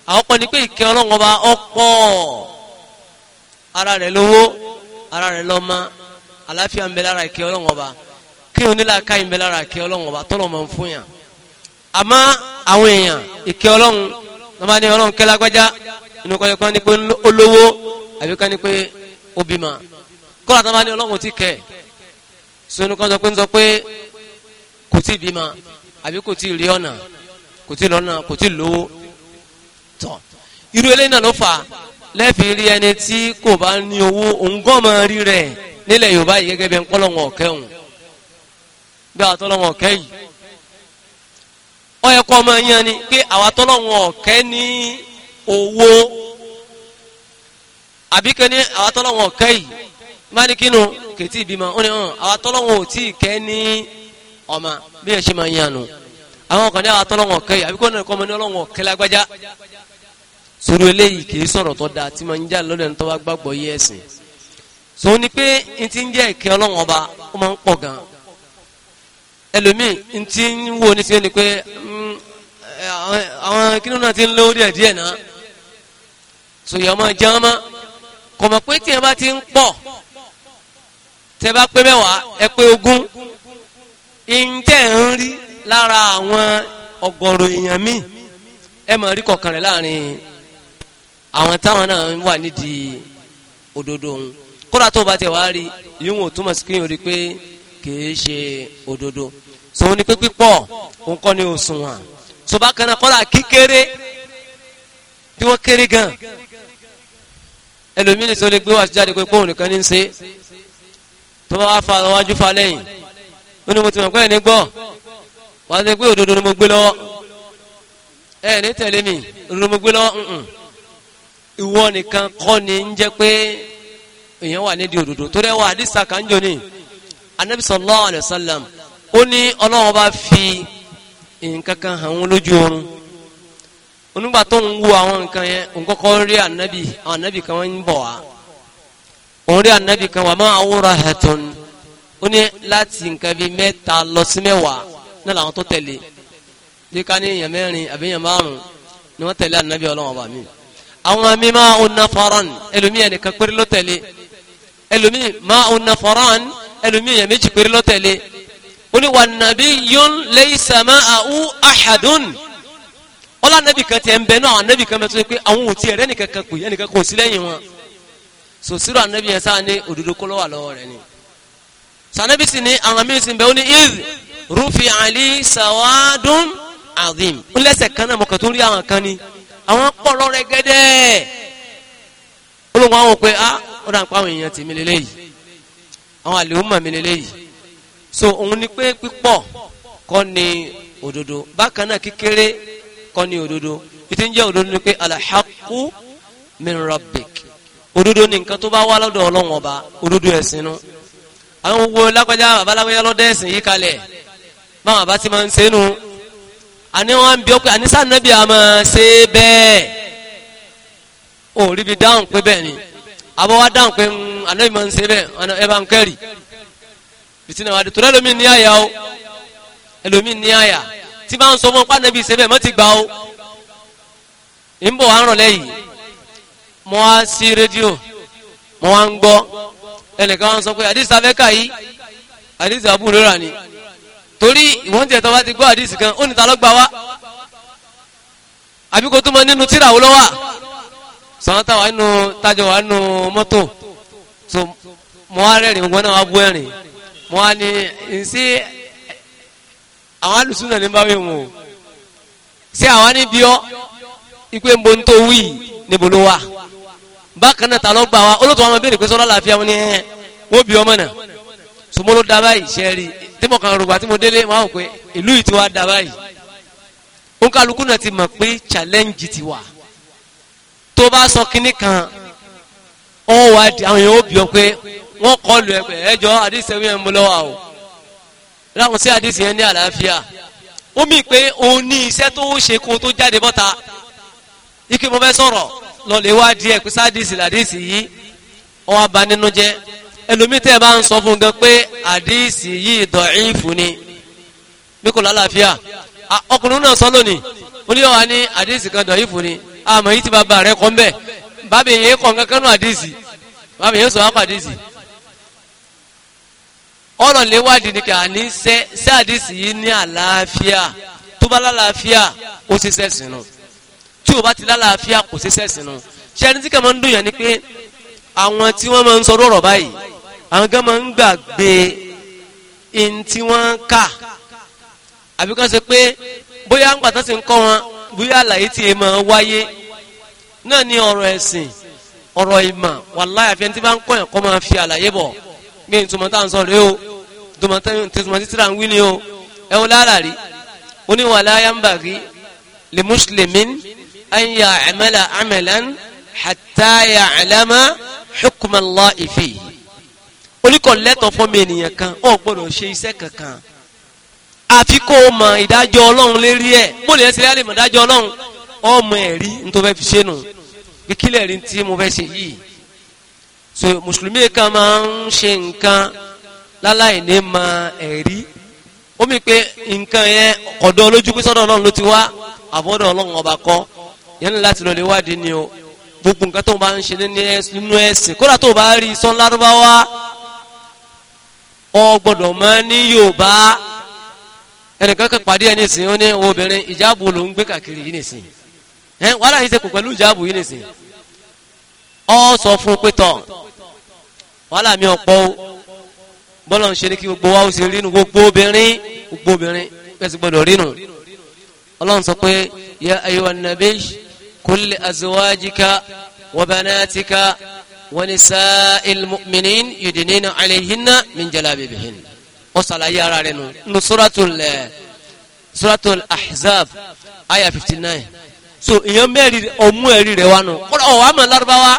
àwọn kan ní pé ìkẹ́ ọlọ́run ọba ọ̀pọ̀ ara rẹ̀ lówó ara rẹ̀ lọ́mọ àláfíà ń bẹ lára ìkẹ́ ọlọ́run ọba kí onílàákà ń bẹ lára ìkẹ́ ọlọ́run ọba tọ́lọ́ fún yàn àmọ́ àwọn èèyàn ìkẹ́ ọlọ́run wọ́n bá ní ọlọ́run kẹ́ lágbájá inú kọ́ kan ní pé olówó àbí kan ní pé ó bímọ kọ́lá tó bá ní ọlọ́run ti kẹ́ sínú kan sọ pé ń sọ pé kò tí ì bímọ àbí kò tí ì rí ọ̀nà kò tí ì lọ́nà kò tí ì lówó tọ̀ irú eléyìí náà ló fà á lẹ́ẹ̀fì rí ẹni tí kò bá ní owó òǹgọ́mọ rí rẹ̀ nílẹ̀ Yorùbá yìí gẹ́gẹ́ bí ń lọ́wọ́ ọ̀kẹ́ òun bí àwọn lọ́wọ́ ọ̀kẹ́ yìí ọyẹ kọ́ ọmọ yẹn ni pé àwa tọ́lọ́wọ́n ọ̀kẹ́ ní owó àbí kẹ́ ní àwa tọ́lọ́wọ́n ọ̀kẹ́ yìí máa kètì ìbímọ ó ní hàn àwa tọ́lọ́wọ́n ò tí ì kẹ́ ní ọmọ bí ẹ àwọn kan ní àwa tọ́lọ́wọ́n ọ̀kẹ́ yìí àbí kọ́ ọ̀nà ọmọ ní ọlọ́wọ́n ọ̀kẹ́ lágbájá sórí eléyìí kì í sọ̀rọ̀ tó tí máa ń já so pé n ti ń jẹ́ ìkẹ́ ọlọ́wọ́n ọba ó máa ń pọ̀ ẹlòmíì tí ń wo ní sí ni pé mm, eh, àwọn kínú náà ti ń lówó díẹ̀ díẹ̀ náà sòyà ọmọ jẹun mọ́ kò mọ̀ pé tí ẹ bá ti ń pọ̀ tẹ bá pé mẹ́wàá ẹ pé ogún ìǹtẹ̀ ń rí lára àwọn ọ̀gọ̀rọ̀ èèyàn míì ẹ mọ̀ rí kọ̀ọ̀kan rẹ̀ láàrin àwọn táwọn náà wà nídìí òdodo òun kódà tó o bá tẹ̀ wá rí yíwọ̀n túmọ̀ sí kéèyàn rí pé kìí ṣe òdodo so ní pé pípọ̀ nǹkan ni òṣùwọ̀n so bákan náà kọ́lá kíkéré bí wọ́n kéré gan ẹlòmíì ní sọ lè gbé wá jáde pé pọ́ùn nìkan ní ṣe tó bá wá fa wájú fa lẹ́yìn ó mo ti mọ̀ pé ẹni gbọ́ wá sí pé òdodo ni mo gbé lọ́wọ́ ẹ ní tẹ̀lé mi òdodo mo gbé lọ́wọ́ ìwọ nìkan kọ́ ni ń jẹ́ pé èèyàn wà nídìí òdodo tó dẹ́ wà àdìsá kan jò ní anabi sallallahu alayhi wa sallam ó ní ọlọ́run bá fi nǹkan kan hàn wọn lójú oorun onígbà tó ń wo àwọn nǹkan yẹn òǹkọ́kọ́ rí ànábì àwọn ànábì kan wọ́n ń bọ̀ wá òun rí ànábì kan wà má àwòrán ẹ̀tọ́n ó ní láti nǹkan bíi mẹ́ta lọ sí mẹ́wàá náà làwọn tó tẹ̀lé bí ká ní èèyàn mẹ́rin àbí èèyàn márùn-ún ni wọ́n tẹ̀lé ànábì ọlọ́run ọba mi àwọn mi máa ń na fọ́rán ẹlòmíì ẹnìkan péré ló tẹ̀lé ẹlòmíì máa ń na fọ́rán ẹlòmíì èèyàn méjì péré ló tẹ̀lé ó ní wà nàbí yún laysa ma'ahu ahadun ọlá nàbì kan tẹ̀ ń bẹ náà nàbì kan bẹ tó ṣe pé àwọn òtí ẹ̀rẹ́ nìkan kan pè ẹnìkan kò sí lẹ́yìn wọn so sírò ànábì yẹn sáà ní òdodo kọ́lọ́ wà lọ́wọ́ rẹ̀ ni sànábì sì ní àwọn míì sì ń bẹ ó rufi ali sawadun azim ń kan náà mọ̀kàn tó rí àwọn kan ni àwọn pọ̀lọ́ rẹ̀ gẹ́dẹ́ olóńgbò àwọn pé ah ó dà ń pa àwọn èèyàn tèmi lélẹ́yìí àwọn àlè so òun ni pé pípọ̀ kọ́ ni òdodo bákan náà kékeré kọ́ ni òdodo ìtí ń jẹ́ òdodo ni pé alahaqu min rabbik òdodo ni nǹkan tó bá wá lọ́dọ̀ ọlọ́run ọba òdodo ẹ̀sìn nu àwọn owó lágbájá bàbá lágbájá lọ́dọ̀ ẹ̀sìn yìí kalẹ̀ báwọn bàbá ti máa ń sẹ́nu àní wọn ń bí ọ pé àní sànẹ́bí a máa ṣe bẹ́ẹ̀ ò ríbi dáhùn pé bẹ́ẹ̀ ni àbọ̀wá dáhùn pé hmm, ànẹ́bí máa ń ṣe bẹ́ẹ̀ ẹ bá ń kẹ́rì fìtínà wà dé tó lẹ́lómi ní àyà o ẹlòmí ní àyà tí bá ń sọ fún pàdánù bíi sẹ́bẹ̀ mọ́ ti gbà o ń bọ̀ wá ràn lẹ́yìn mo wá sí rédíò mo wá ń gbọ́ ẹnìkan wá ń sọ pé àdìsí abẹ́kà yìí àdìsí àbúrò rà ni torí ìwọ́n tiẹ̀ tó bá ti gbọ́ àdìsí kan ó ní ta ló gbà wá àbí kò tó mọ nínú tíra wo lọ́wọ́ sọ̀rọ̀ táwa nínú tájọ wa nínú mọ́tò so mo wá rẹ́rìn gbọ́n náà wá bú ẹ̀rìn mo wá ní ǹsí àwọn alùsùn náà ní bá wí wọn o ṣé àwọn níbi ọ ipe ń bo ń tó wí níbo ló wà bákan náà ta ló gbà wá olóòtú àwọn béèrè pé sọ́lá làáfíà wọn ni ẹ̀ wọ́n bí ọmọ náà sọmọló da báyìí ṣẹ́ẹ̀rì tí mo kàn rògbà tí mo délé wọn pé ìlú yìí ti wá da báyìí òǹkàlùkù náà ti mọ̀ pé challenge ti wà tó bá sọ kinní kan ọ̀hún wá di àwọn èèyàn ó bí ọ pé wọ́n kọlu ẹgbẹ́ ẹjọ́ àdìsí ẹ̀wí ẹ̀ ń bọ́lọ́ wa o láwọn sí àdìsí yẹn ní àlàáfíà ó mì pé òun ní iṣẹ́ tó ń ṣe kó tó jáde bọ́ta ike mo fẹ́ sọ̀rọ̀ lọ́lẹ̀ wá díẹ̀ pé sádìsí làdìsí yìí ọwọ́ abanínújẹ́ ẹlòmíì tẹ́ ẹ bá ń sọ fún un gan pé àdìsí yìí dọ̀ífù ni bí kò lálàáfíà ọkùnrin náà sọ lónìí ó ní ọ̀hán ní àdìsí kan dọ̀ífù ni àmọ́ yìí ti bàbá rẹ̀ kọ́ ń bẹ̀ bàbá yẹn kọ́ nǹkan kan náà àdìsí bàbá yẹn sọ wá kọ́ ọ̀rọ̀ léwádìí ni kà ní sẹ́ sí àdìsí yìí ní àlàáfíà tó bá lálàáfíà ó ṣe sẹ́sìn nù tí ò bá ti lálàáfíà kò ṣe sẹ́sìn nù ṣé ẹni tí kà máa ń dùn yẹn ni pé àwọn tí wọ́n máa ń sọ lọ́rọ̀ báyìí àwọn kan máa ń gbàgbé in tí wọ́n kà àbí kan ṣe pé bóyá ń pàtàkì ń kọ́ wọn bóyá àlàyé tí èèmọ̀ wáyé náà ni ọ̀rọ̀ ẹ̀sìn ọ̀rọ̀ ìmọ̀ wàláyà fẹ́ntì bá ń kọ́ yẹn kọ́ máa gbé ìtumọ̀ tá à ń sọ rèé o tòmọ̀ títà ń wí ni o ẹ wọ́n lára rí oníwà láyà ń bà rí lè muslimin an yà amala amalan hatta yà alama hukuma Allahi fihi oníkọ̀lẹ́tọ̀ fún mi ènìyàn kan ó gbọ́dọ̀ ṣe iṣẹ́ kankan àfi kó o mọ ìdájọ́ ọlọ́run lérí ẹ̀ bóòlù yẹn ti rí àlèmọ̀ ìdájọ́ ọlọ́run ọmọ ẹ̀rí ní tó fi ṣe nù kíkílẹ̀ rí ti mo fẹ́ ṣe yìí so mùsùlùmí kan máa ń ṣe nǹkan láláì ní ma ẹ̀rí ó mi pé nǹkan yẹn ọ̀dọ́ lójú pé sọ́dọ̀ ọlọ́run ló ti wá àbọ̀dọ̀ ọlọ́run ọba kọ́ yẹn ní láti lọ lè wádìí ni o gbogbo nǹkan tó ń bá ń ṣe nínú ẹ̀sìn kódà tó bá rí sọ́n lárúbáwá ọ gbọ́dọ̀ máa ní yorùbá ẹnìkan kan pàdé ẹni sìn ó ní obìnrin ìjáàbù ló ń gbé kàkiri yìí nìsín wàhálà yìí ṣe kò pẹ̀lú ìjáàbù yìí nìsín ọ sọ fún pé tọ wàhálà mi ọ̀pọ̀ o bọ́lá ń ṣe ní kí gbogbo wa ó ṣe rí nu gbogbo obìnrin gbogbo obìnrin kẹsì gbọdọ̀ rí nu ọlọ́run sọ pé ya ayyuhan nabiy kull azwajika wa banatika wa mu'minin yudnina alayhinna min jalabibihin ó ṣàlàyé ara rẹ̀ nu nu eh, suratul ahzab aya fifty nine so ìyẹn mẹ́rin ọmú ẹ̀rí rẹ̀ wá nù kọ́lá ọ̀wá mọ̀ lárúbáwá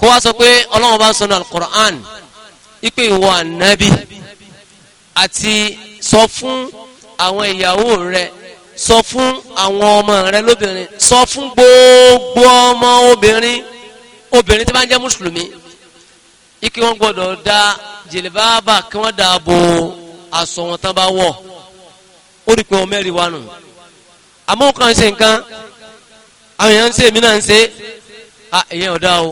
kó wá sọ pé ọlọ́run bá ń sọnù alukur'an ipe ìwọ ànábì àti sọ fún àwọn ìyàwó rẹ sọ fún àwọn ọmọ rẹ lóbìnrin sọ fún gbogbo ọmọ obìnrin obìnrin tí bá ń jẹ́ mùsùlùmí ike wọn gbọ́dọ̀ da jìlìbáàbà kí wọn dààbò aṣọ wọn tán bá wọ̀ ó rí pé wọn mẹ́rin wá nù àmọ́ kàn ṣe nǹkan àwọn èèyàn ń ṣe èmi náà ń ṣe à èèyàn ọ̀dà o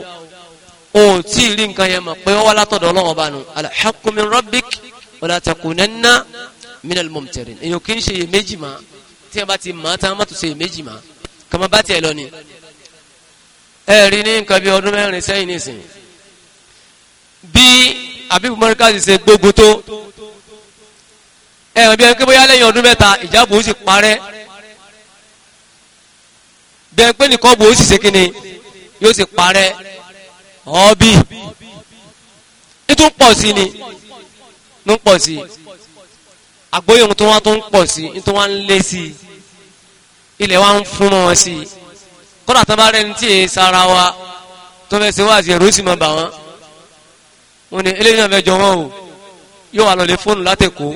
o ò tí ì rí nǹkan yẹn mọ̀ pé wọ́n wá látọ̀dọ̀ ọlọ́wọ́n bá nu al-haqqu min rabbik wala takunanna min al-mumtarin èèyàn kì í ṣe èméjì mà tí wọ́n bá ti mọ̀ tán mọ́tò ṣe èméjì mà kàmá bá tiẹ̀ lọ ni. ẹ rí ní nǹkan bí ọdún mẹ́rin sẹ́yìn nísìn bí abibu mọ́ríkà ti ṣe gbogbo tó ẹ rìn bí ẹni bẹ́ẹ̀ pé nìkan bò ó sì ṣe kíni yóò sì parẹ́ ọ̀ọ́bì nítún pọ̀ sí ni ní pọ̀ sí àgbóyè ohun tó wá tó ń pọ̀ sí ní tó wá ń lé sí ilẹ̀ wa ń fún wọn sí kódà tó bá rẹni tí èé sara wa tó fẹ́ ṣe wá àti ẹ̀rọ sì máa bà wọ́n wọn ni eléyìí náà fẹ́ jọ wọn o yóò wà lọ lé fóònù látẹ̀kọ́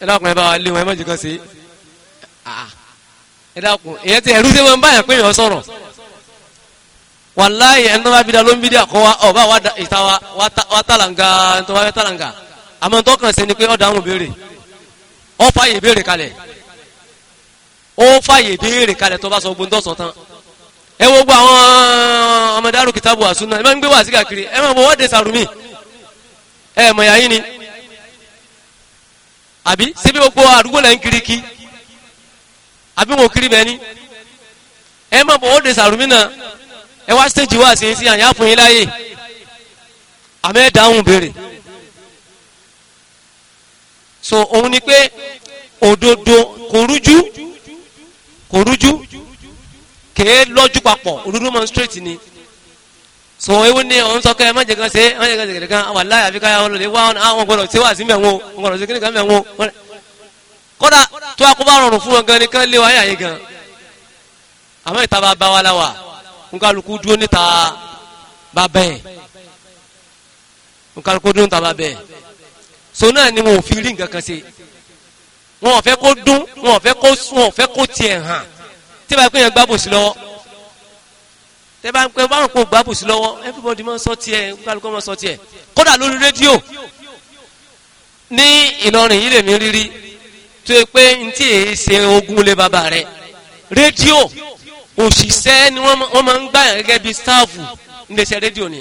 ẹ dákun bá wa lé wọn ẹ má jù kan sí ẹ dákun èyàn ti ẹ̀rú tí wọ́n ń báyàn pé èèyàn sọ̀rọ̀ wàláyé ẹni tó bá bídà ló ń bídà kọ́ wa ọba wa ìta wa tàlàǹgà ẹni tó bá fẹ́ tàlàǹgà àmọ́ tó kàn sí ni pé ọ̀dà àwọn òbèrè ọ fàyè béèrè kalẹ̀ ó fàyè béèrè kalẹ̀ tó bá sọ gbóńtọ̀ sọ tán ẹ wo gbọ́ àwọn ọmọdé àrùn kìtàbù àsúná ẹ máa ń gbé wá sí kàkiri ẹ máa bọ̀ wọ́n dé sàrùmí ẹ mọ̀ yà yín ni àbí síbi gbogbo àdúgbò lẹ́yìn kiriki àbí wọn kiri bẹ́ẹ̀ ni ẹ má bọ̀ ọ́dẹ sàrùmínà ẹ wá stéèjì wá sí sí àyà fún yín láàyè àmì ẹ̀ dáhùn béèrè so òun ni pé òdodo kò rújú kò rújú kèé lọ́jú papọ̀ òdodo man straight ni so ewu ni òun sọ kẹ́ ẹ má jẹ kan ṣe ẹ má jẹ kan ṣe kẹ̀kẹ́ kan wà láyà àfi káyà wọn lò wá àwọn gbọdọ̀ ṣe wá sí mẹ́wọ́n gbọdọ̀ ṣe kíni kan mẹ́wọ́n kódà tó a kó bá rọrùn fún wọn gan ni kán lé wa yàyé gan àmọ́ ìta bá bá wa la wa nkálukú dúró níta bá bẹ́ẹ̀ nkálukú dúró níta bá bẹ́ẹ̀ so náà ni wọn ò fi rí nǹkan kan ṣe wọn ò fẹ́ kó dún wọn ò fẹ́ kó sún wọn ò fẹ́ kó tiẹ̀ hàn tí bá pé yẹn gbá bòsí lọ́wọ́ tẹ́ bá ń báwọn kò gbá bòsí lọ́wọ́ everybody máa sọ tiẹ̀ nkálukú máa sọ tiẹ̀ kódà lórí rédíò ní Ìlọrin yìí lèmi rírí tó yẹ pé ntí èyí ṣe ogun lé bàbá rẹ rédíò òṣìṣẹ́ ni wọ́n máa ń gbà yàn gẹ́gẹ́ bí stáàfù iléeṣẹ́ rédíò ni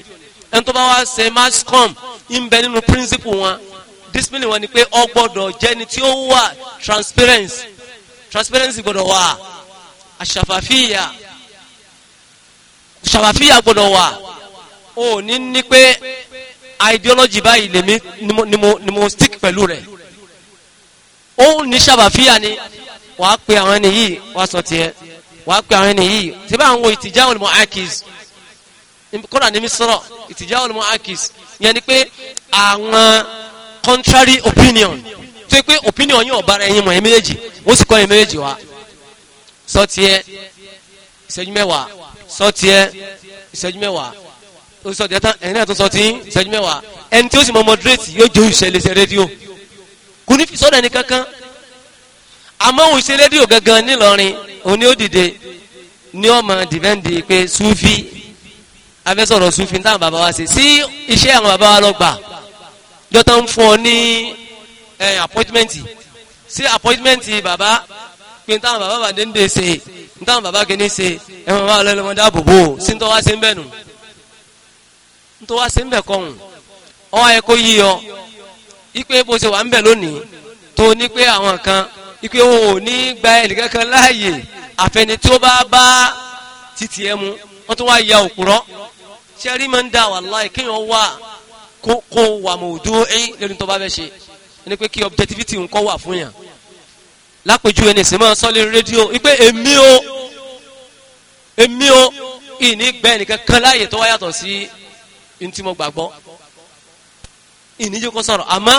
ẹni tó bá wá ṣe mascom ń bẹ nínú píríncípù wọn discipline wọn ni pé ọ gbọ́dọ̀ jẹni tí ó wà transparency transparency gbọ́dọ̀ wà àṣàfàfíyà àṣàfàfíyà gbọ́dọ̀ wà ò ní ní pé ideology báyìí lèmi ni mo stick pẹ̀lú rẹ̀ ó ní sàbàfíà ni wàá pe àwọn ẹni yìí wàá sọ tiẹ̀ wàá pe àwọn ẹni yìí tí bá ń wo ìtìjà olùmọ akis kódà ní mi sọ̀rọ̀ ìtìjà olùmọ akis yẹn ni pé àwọn contrary opinion tó yẹ pé opinion yóò bára ẹyin mọ ẹ méjèèjì ó sì kọ́ ẹ méjèèjì wa sọ tiẹ̀ ìṣẹ́jú mẹ́wàá sọ tiẹ̀ ìṣẹ́jú mẹ́wàá ó sọ tiẹ̀ tán ẹ̀yin náà tó sọ tí ìṣẹ́jú mẹ́wàá ẹni tí ó sì mọ moderate yóò jó ìṣẹ̀lẹ̀ ṣe rédíò. Kuni ní fi sọ́dọ̀ ẹni kankan àmọ́ òun ṣe rédíò gangan nílọrin òun ni ó dìde ní ọmọ dìbẹ́ǹdì pé sufi afẹ́sọ̀rọ̀ sufi táwọn bàbá wa ṣe si iṣẹ́ àwọn bàbá wa lọ gbà jọta ń fún ọ ní appointment sí appointment bàbá pé táwọn bàbá bàdé ń dè ṣe táwọn bàbá kìíní ṣe ẹ̀wọ̀n wa lọ́lọ́mọ dáàbò bò ó sí tó wá sí ń bẹ̀ nù tó wá sí ń bẹ̀ ipe bó ṣe wà ń bẹ̀ lónìí tó ní pé àwọn kan ipe wọn ò ní gba ẹnìkankan láàyè àfẹni tí ó bá bá títì ẹ mu wọn tó wá ya òpùrọ́ sẹ́rí máa ń dà wàláhì kéèyàn wà kó wà mọ̀ọ́dó ẹ́yìn lẹ́nu tó bá fẹ́ ṣe ẹni pé kí objectivity ń wà fún yàn lápèjú ẹni sì máa sọ lórí rédíò ipe èmi o èmi o ìní gbẹ ẹnìkan kan láàyè tó wá yàtọ̀ sí ntí gbàgbọ́ ìníjó kó sọ̀rọ̀ àmọ́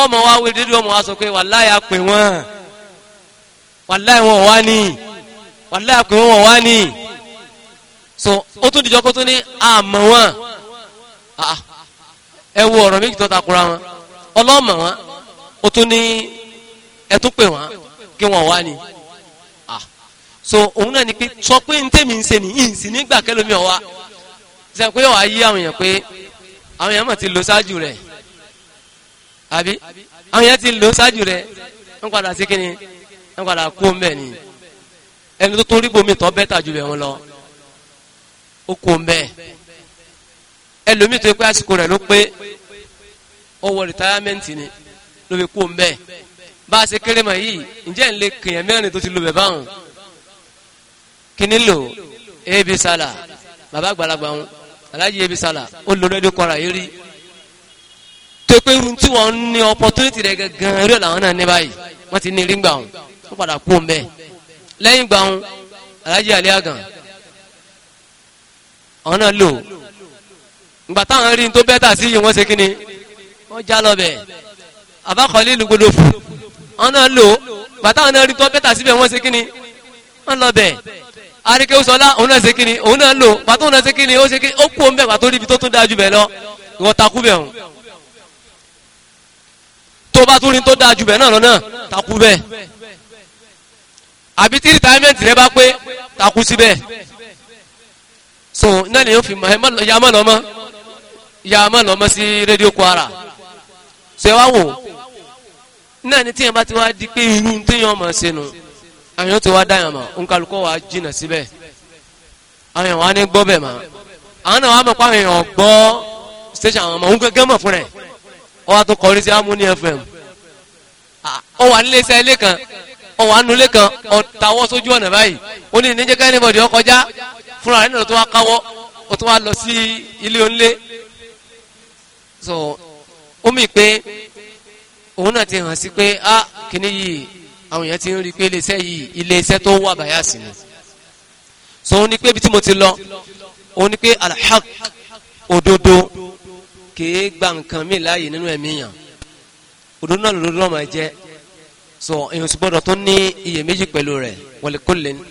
ọmọ wa wí dédé ọmọ wa sọ pé wàláhì a pè wọ́n wọn wá ní wàláhì a pè wọ́n ní so ó tún dìjọ́ kó tún ní àmọ́ wọn ah, ẹ wo ọ̀rọ̀ méjì tó takura wọn ọlọ́mọ wọn ó tún ní ẹ tún pè wọn kí wọn wá ní ah, so òun náà ni pé sọ pé n tèmi ń ṣe ní ìsìn nígbà kẹlòmíọ̀ wa sọ pé ọ̀ ayé àwọn èèyàn pé àwọn èèyàn mọ̀ ti lọ ṣáájú rẹ̀ àbí àwọn yẹn ti lò ó ṣáájú ń padà sí kíni ń padà kó ń bẹ̀ ni ẹni tó tún rí bomi tọ́ bẹ́ẹ̀ tàjú bẹ̀ wọn lọ ó kó ń bẹ́ẹ̀ ẹlòmíì tó yẹ pé àsìkò rẹ̀ ló pé ó rìtáyámẹ́ǹtì ni ló fi kó ń bẹ́ẹ̀ bá a ṣe kéré mọ̀ yìí ǹjẹ́ ń lè kèèyàn mẹ́rin tó ti lo bẹ̀ báwọn kíní lò ebi sálà bàbá àgbàlagbà wọn aláàjì ebi sálà ó lo rédíò kọ́ra yìí rí tó pé irun tí wọ́n ní opportunity rẹ̀ gangan rí ọ̀la wọn náà ní báyìí wọ́n ti ní rí gbà wọn wọ́n padà kú ń bẹ́ẹ̀ lẹ́yìn gbà wọn alájí àlẹ́ àgàn àwọn náà lò ìgbà táwọn rí tó bẹ́tà sí yìí wọ́n ṣe kí ni wọ́n já lọ bẹ̀ àbákọ́lé ìlú gbọdọ̀ fún àwọn náà lò ìgbà táwọn rí tó bẹ́tà síbẹ̀ wọ́n ṣe kí ni wọ́n lọ bẹ̀ àríkẹ́ sọlá òun náà ṣe kí ni òun náà lò pàtó òun náà ṣe kí ni ó ṣe kí ni ó kú òun bẹ̀ pàtó ríbi tó tún dájú bẹ̀ lọ ìwọ́n takú bẹ̀ hùn tó bá tún rí tó dáa jù bẹ́ẹ̀ náà lọ́nà takú bẹ́ẹ̀ àbí tí retirement rẹ bá pé takú síbẹ̀ so náà lè yóò fi ya mọ́ lọ́mọ́ ya mọ́ lọ́mọ́ sí rédíò Kwara so ẹ wá wò náà ni tíyẹn bá ti wá di pé irú tíyẹn ọmọ ṣe nù àwọn tó wá dáyàn mọ́ nkálukọ́ wa jìnà síbẹ̀ àwọn èèyàn wa ní gbọ́ bẹ̀ mọ́ àwọn náà wà mọ̀ pé àwọn gbọ́ station àwọn ọmọ òun gẹ́gẹ́ mọ̀ fún rẹ̀ ó wá tún kọrin sí amúni fm ó wà nílé iṣẹ́ ilé kan ó wà nulẹ̀ kan ọ̀tàwọ́ sójú ọ̀nà báyìí ó ní ìníjẹ́ká ẹni bọ̀dì ọkọjá fúnra rẹ̀ nílò tó wá káwọ́ ó tún wá lọ sí ilé onílé so ó mì pé òun náà ti hàn sí pé ah kíní yìí àwọn èèyàn ti ń rí i pé iléeṣẹ́ yìí iléeṣẹ́ tó wà báyà sí ni so ó ní pé ibi tí mo ti lọ ó ní pé alhaq òdodo kèé gba nǹkan mi láàyè nínú ẹ̀mí yàn òdodo náà lòdodo náà máa jẹ́ so èèyàn sì gbọ́dọ̀ tó ní iyèméjì pẹ̀lú rẹ̀ wọlékólé ni.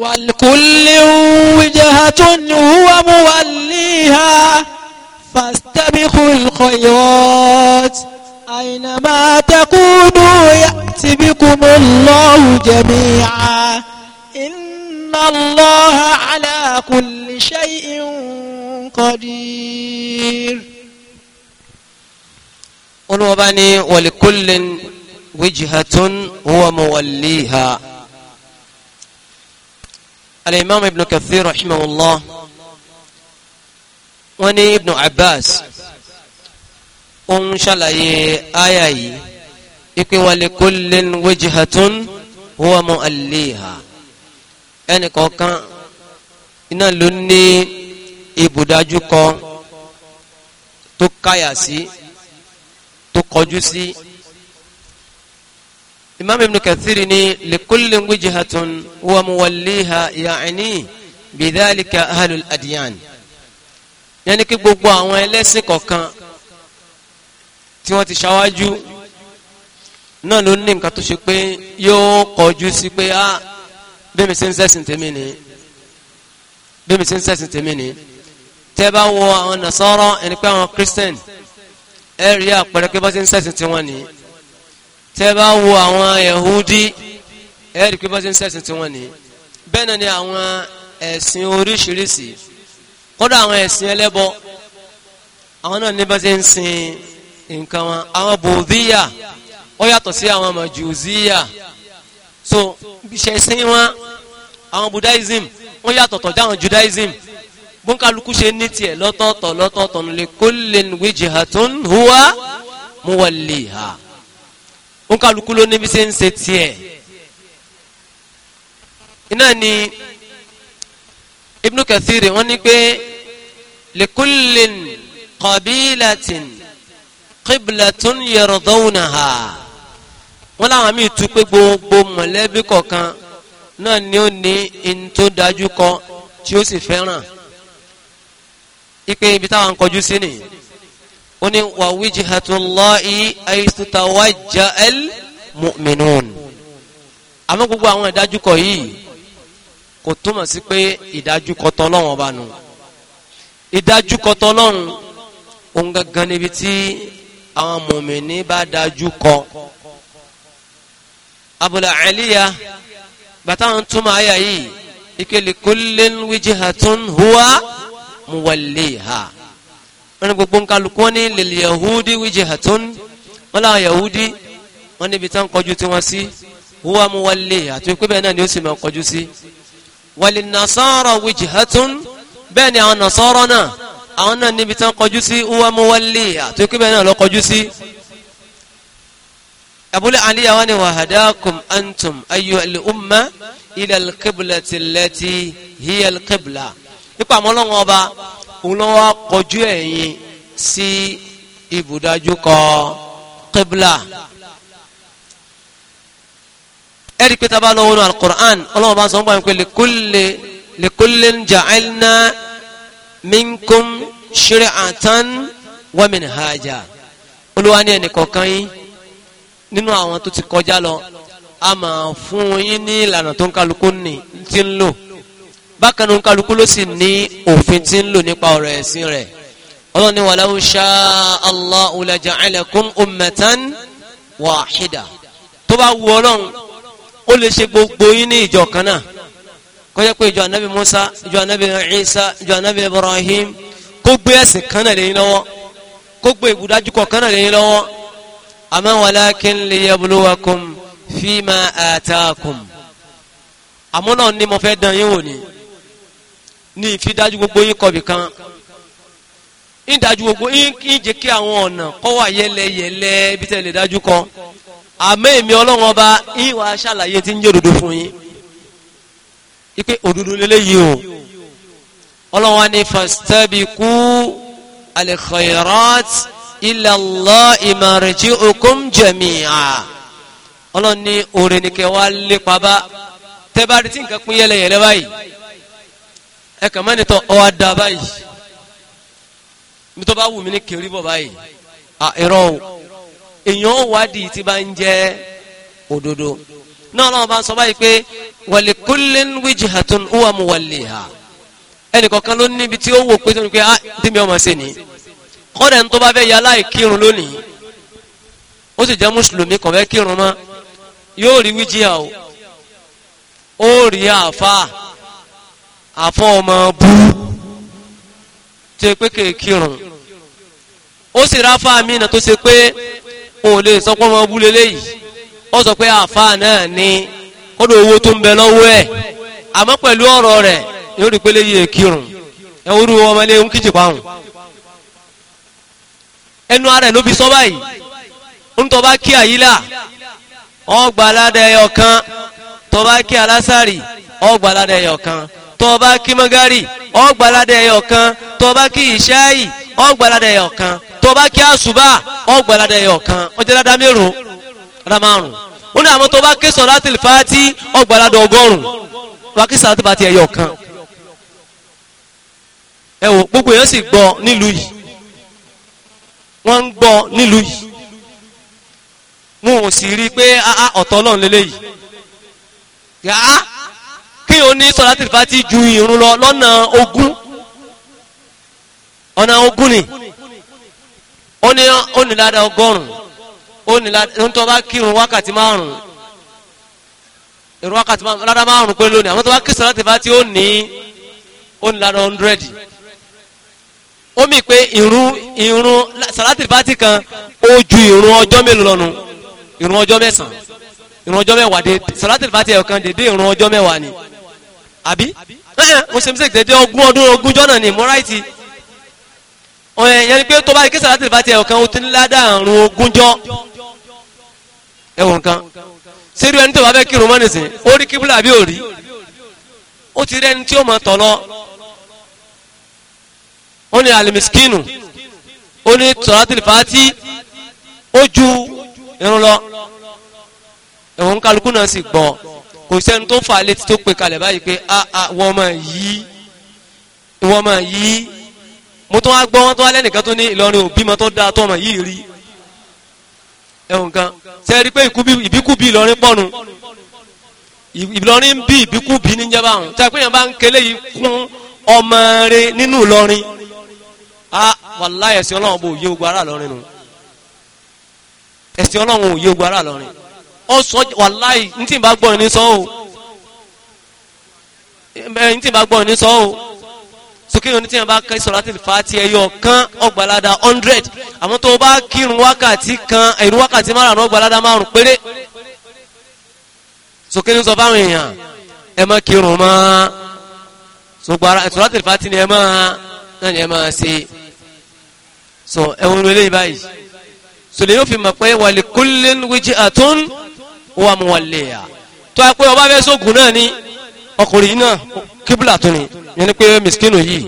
wàlíkólé wijhatun huwa muwalliha fastabiqul khayrat aynama takunu ya'ti bikumullahu jami'a inna allaha ala kulli shay'in. قدير olùwọ́bání wàlíkúlìn wíjìhàtún huwa mọ̀wàlíhà alimami ibn kathir rahimahullah wọ́n ní ibn abbas ó ń ṣàlàyé àyà yìí ipe wàlíkúlìn wíjìhàtún huwa mọ̀wàlíhà ẹnì kọ̀ọ̀kan iná ló ibùdájú kan tó káyà sí tó kọjú sí imam ibn kathir ni likullin wijihatun wa muwalliha yaani bidhalika ahlul adiyan yani kí gbogbo àwọn ẹlẹ́sìn kọ̀ọ̀kan tí wọ́n ti ṣáwájú náà ló ní nǹkan tó ṣe pé yóò kọjú sí pé ah bẹ́ẹ̀ mi ṣe ń ni bẹ́ẹ̀ mi ṣe ń ni tẹ́ bá wọ àwọn nasọ́rọ́ ẹni pé àwọn christian ẹ rí àpẹẹrẹ pé bá ti ń sẹ̀sìn tiwọn nìyí tẹ́ wọ àwọn yahudi ẹ rí pé bá ti ń sẹ̀sìn tiwọn nìyí bẹ́ẹ̀ náà ni àwọn ẹ̀sìn oríṣiríṣi kódà àwọn ẹ̀sìn ẹlẹ́bọ àwọn náà ní bá ti ń sin nǹkan wọn àwọn bòdíyà ó yàtọ̀ sí àwọn màjúzíyà so ìṣẹ̀sìn wọn àwọn budaism wọ́n yàtọ̀ tọ̀jà àwọn judaism. So, bóńkálukú ṣe ní tiẹ̀ lọ́tọ̀ọ̀tọ̀ lọ́tọ̀ọ̀tọ̀ li kullin wijhatun huwa muwalliha bóńkálukú ló níbi ṣe ń ṣe tiẹ̀. iná ni Ibn Kathir wọ́n ní pé li kullin qabilatin qiblatun yardawnaha wọ́n láwọn míì tú pé gbogbo mọ̀lẹ́bí kọ̀ọ̀kan náà ni ó ní in dájú kọ tí ó sì fẹ́ràn ipe ibi táwọn kọjú sí ni ó ní wà wíjìhàtúláì àìsùtàwájà el mu'minun àmọ́ gbogbo àwọn ìdájúkọ yìí kò túmọ̀ sí pé ìdájúkọ tọ́lọ́wọ́n bá nu ìdájúkọ tọ́lọ́run òun gangan níbi tí àwọn mùmìnì bá dájúkọ Abul Aliya bàtà ń túmọ̀ àyà yìí ike likullin wíjìhàtún huwa muwalliha wọ́n ní gbogbo nkálukú wọ́n ní lil yahudi wijhatun wọ́n láwọn yahudi wọ́n níbi tán kọjú tí wọ́n sí huwa muwalliha àti pé bẹ́ẹ̀ náà ni ó sì máa kọjú sí walin nasara wijhatun bẹ́ẹ̀ ni àwọn nasara náà àwọn náà níbi tán kọjú sí huwa muwalliha àti pé bẹ́ẹ̀ náà lọ kọjú sí. أبو علي وأنا وهداكم أنتم أيها الأمة إلى القبلة التي هي القبلة nípa àmọ́ ọlọ́run ọba òun ló wá kọjú ẹ̀yìn sí ibùdájú kọ qibla ẹ̀rí pé tá a bá lọ wọnú alukur'an ọlọ́run bá sọ ń báyìí pé lèkúlè lèkúlè ja'alna minkum shir'atan wa minhaja olúwa ní ẹnìkọ̀ọ̀kan yín nínú àwọn tó ti kọjá lọ a máa fún yín ní ìlànà tó ń kálukú ní ti ń lò bákan náà kálukú ló sì ní òfin tí ń lò nípa ọ̀rọ̀ ẹ̀sìn rẹ̀ ọlọ́run ní walau sha'a Allahu la ja'alakum ummatan wahida tó bá wù ọlọ́run ó lè ṣe gbogbo yín ní ìjọ kan náà kó pé ìjọ anabi musa ìjọ anabi isa ìjọ anabi ibrahim kó gbé ẹ̀sìn kan náà lẹ́yìn lọ́wọ́ kó gbé ìbúdájúkọ kan náà lẹ́yìn lọ́wọ́ àmọ́ walakin liyabluwakum fima atakum àmọ́ náà ni mo fẹ́ dán yín wò ni ní ìfidájú gbogbo yín kọ̀bì kan ìdájú gbogbo yín jẹ́ kí àwọn ọ̀nà kọ́ wà yẹlẹyẹlẹ ibi tẹ́ lè dájú kọ àmọ́ èmi ọlọ́run ọba yín wàá ṣàlàyé tí ń jẹ́ òdodo fún yín ipe òdodo lélẹ́yìí o ọlọ́run wa ní fastabiqu al-khayrat ila Allah ọlọ́run ní orin wa lépa bá tẹ́ bá rí tí nǹkan pín yẹlẹyẹlẹ báyìí ẹ̀kàn mọ́ni tán ọ wá da báyìí mi tó bá wù mí ní kiri bọ̀ báyìí à irọ́ o èèyàn wádìí tí bá ń jẹ́ òdodo náà lọ́wọ́ bá ń sọ báyìí pé wàlẹ̀ kullin wijhatun huwa muwalliha ẹnìkọ̀ọ̀kan ló níbi tí ó wò pé tó pé ah dèmi ọmọ sí ni kọ́dẹ̀ ń tó bá fẹ́ ya aláìkírun lónìí ó sì jẹ́ mùsùlùmí kò fẹ́ kírun mọ́ yóò rí wíjíà o ó rí àáfàá. Afọ ọmọ bu tó ṣe ó sì ráfà mí náà tó ṣe pé òun lè sọ ọmọ bú lélẹ́yìí ó sọ pé àfà náà ni kódò owó tó ń bẹ lọ́wọ́ ẹ̀ àmọ́ pẹ̀lú ọ̀rọ̀ rẹ̀ yóò rí pé lè yẹ kírun ẹ wúru ọmọ ilé kan kí alásàrì ọgbà aládẹ kan tó bá kí mọ́gárì ó gba ládá ẹyọ kan tó bá kí ìṣáì ó gba ládá ẹyọ kan tó bá kí àṣùbà ó gba ládá ẹyọ kan ó jẹ́ ládá mẹ́rùn ládá márùn ó ní àwọn tó bá ké sọ̀láàtì fàátì ó gba ládá ọgọ́rùn wá kí sọ̀láàtì ẹyọ kan ẹ wò gbogbo èèyàn sì gbọ́ nílùú yìí wọ́n ń gbọ́ nílùú yìí wọn ò sì rí i pé ọ̀tọ̀ ọlọ́run lélẹ́yìí ó ní sọlátìlì fati ju irun lọ lọ́nà ogún ọ̀nà ogún ni ó ní ó ní ládàá ọgọ́rùn-ún ó ní ládàá ń tọ́ bá kírun wákàtí márùn-ún irun wákàtí ládàá márùn pé lónìí àwọn tó bá kí sọlátìlì fati ó ní ó ní ládàá ọ̀ndrẹ́dì ó mì pé irun irun sọlátìlì fati kan ó ju irun ọjọ́ mélòó lọ́nu irun ọjọ́ mẹ́sàn-án ìrún ọjọ́ mẹ́wàá dé sọ̀látìlì fàtíà ọ̀kan dédé ìrún ọjọ́ mẹ́wàá ni àbí eh, mo ṣe mistake dédé ogún ọdún ogún jọ́nà ni mo ráìtì ọ̀yẹ̀ yẹn ni pé tó bá kí sàlátì bá ti ẹ̀wọ̀n kan ti ní ládà àrùn ogún jọ́ ẹ̀wọ̀n kan sẹ́rí ẹni tó bá fẹ́ kírun mọ́ nìsín ó rí kíbúlà àbí ò rí ó ti rẹ́ni tí ó mọ̀ tọ̀ lọ ó ní alimiskinu ó ní sàlátì fàátì ó ju irun lọ ẹ̀wọ̀n kálukú náà sì gbọ́ kò sẹ́ni tó fà á létí tó pè kalẹ̀ báyìí pé a ah, a ah, wọ́n máa yí wọ́n máa yí mo tún wá gbọ́ wọn tó wá lẹ́nìkan tó ní Ìlọrin òbí mọ́ tó dáa tó ọmọ yìí rí ẹ̀hùn kan sẹ́ẹ̀rí pé ìbíkúbi Ìlọrin pọ̀nù Ìlọrin ń bí ìbíkúbi níjẹ́ tí a pé yẹn bá ń kélé yìí kún ọmọ rẹ̀ nínú Ìlọrin a wàláyé ẹ̀sìn Ọlọ́run bò yé gbogbo ara lọ́rin nù ẹ̀sìn Ọlọ́run ò yé gbogbo ara lọ́rin ọsọ wàláì ní tí n bá gbọ́ ní sọ o ní tí n bá gbọ́ ní sọ o sókè yóò ní tí n bá ka sọ̀rọ̀tì fàtì ẹ̀yọ kan ọgbàládà hundred àmọ́ tó o bá kírun wákàtí kan ìrun wákàtí márùn ọgbàládà márùn péré sókè ní sọ fáwọn èèyàn ẹ má kírun mọ́ sọ̀rọ̀tì fàtì ni ẹ má náà ni ẹ má ṣe so ẹ̀wọ̀n lórí báyìí sọ̀rọ̀ yóò fi mọ̀ pé wàlíkúlẹ̀ wíjì àtún wà mú wọn lè yà e tó a pé ọba fẹ́ sógun náà ni ọkùnrin náà kíbùlà tó ni yẹn ni pé mìskínù yìí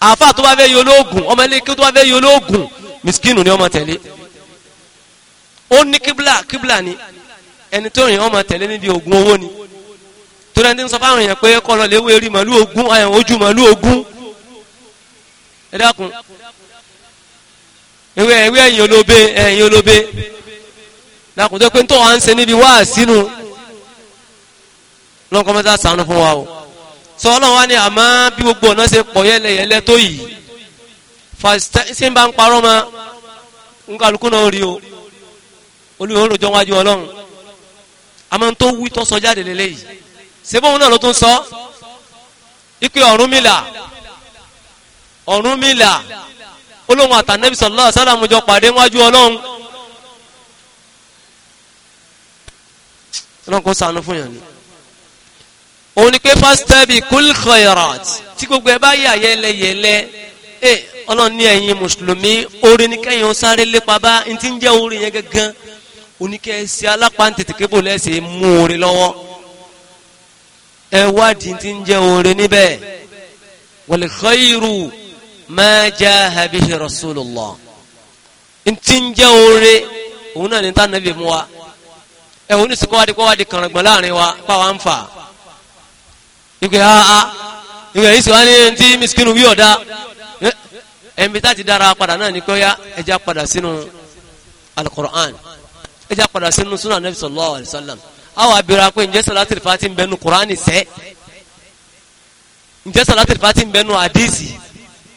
àáfà tó bá fẹ́ yọ lóògùn ọmọ ilé kí tó bá fẹ́ yọ lóògùn mìskínù ni ọmọ tẹ̀lé ó ní kíbùlà kíbùlà ni ẹni tó rìn ọmọ tẹ̀lé níbi ògùn owó ni tó náà ti ń sọ fáwọn èèyàn pé kọ́ lọ léwé rí màlúù ogún àyàn ojú màlúù ogún ẹ dákun ewé ẹ̀yìn olóbe ẹ̀yìn olóbe lákùntẹ́ pé tó à ń ṣe níbi wá sínú lọ́nkọ́ mẹ́ta sànú fún wa o sọ ọlọ́run wa ni àmọ́ bí gbogbo ọ̀nà ṣe pọ̀ yẹlẹyẹlẹ tó yìí fàṣẹ ṣé ń bá ń parọ́ ma ń kálukú náà rí o olùyọ̀ olùjọ́ wájú ọlọ́run àmọ́ tó wí tó sọ jáde lélẹ́yìí sebóun náà ló tún sọ ipe Ọ̀rúnmìlà Ọ̀rúnmìlà olóhùn àtànẹ́bí sallallahu alaihi pàdé wájú ọlọ́run. ọlọ́run kò sànú fún yàn ni. òun ni pé fastabi kul khairat tí gbogbo ẹ bá yà yẹlẹyẹlẹ ẹ ọlọ́run ní ẹ̀yin mùsùlùmí orin ni kẹ́yìn ó sáré lépa bá n ti ń jẹ́ orin yẹn gangan oníkẹ́ ṣe alápáǹtẹ̀tẹ̀ kébò lẹ́sẹ̀ mú orin lọ́wọ́ ẹ wádìí ti ń jẹ́ orin níbẹ̀ wal khairu ma jaha bihi rasulullah n ń jẹ́ orin òun náà ní tá nàbẹ̀ wa ẹ̀wọ̀n ní sìnkọ́ wádìí kọ́ wádìí kànràngbọ̀n láàrin wa pàwọ́ ń fà ìgbé ha ha ìgbé yìí sì wá ní ti miskinu bí ọ̀dá ẹ̀mí tá ti dára padà náà ní pé ya ẹja padà sínú alukur'an ẹja padà sínú sunan anabi sallallahu alayhi wa sallam àwọn abirà pé ǹjẹ́ salatul fati ń bẹnu kur'an sẹ́ ǹjẹ́ salatul fati ń bẹnu hadisi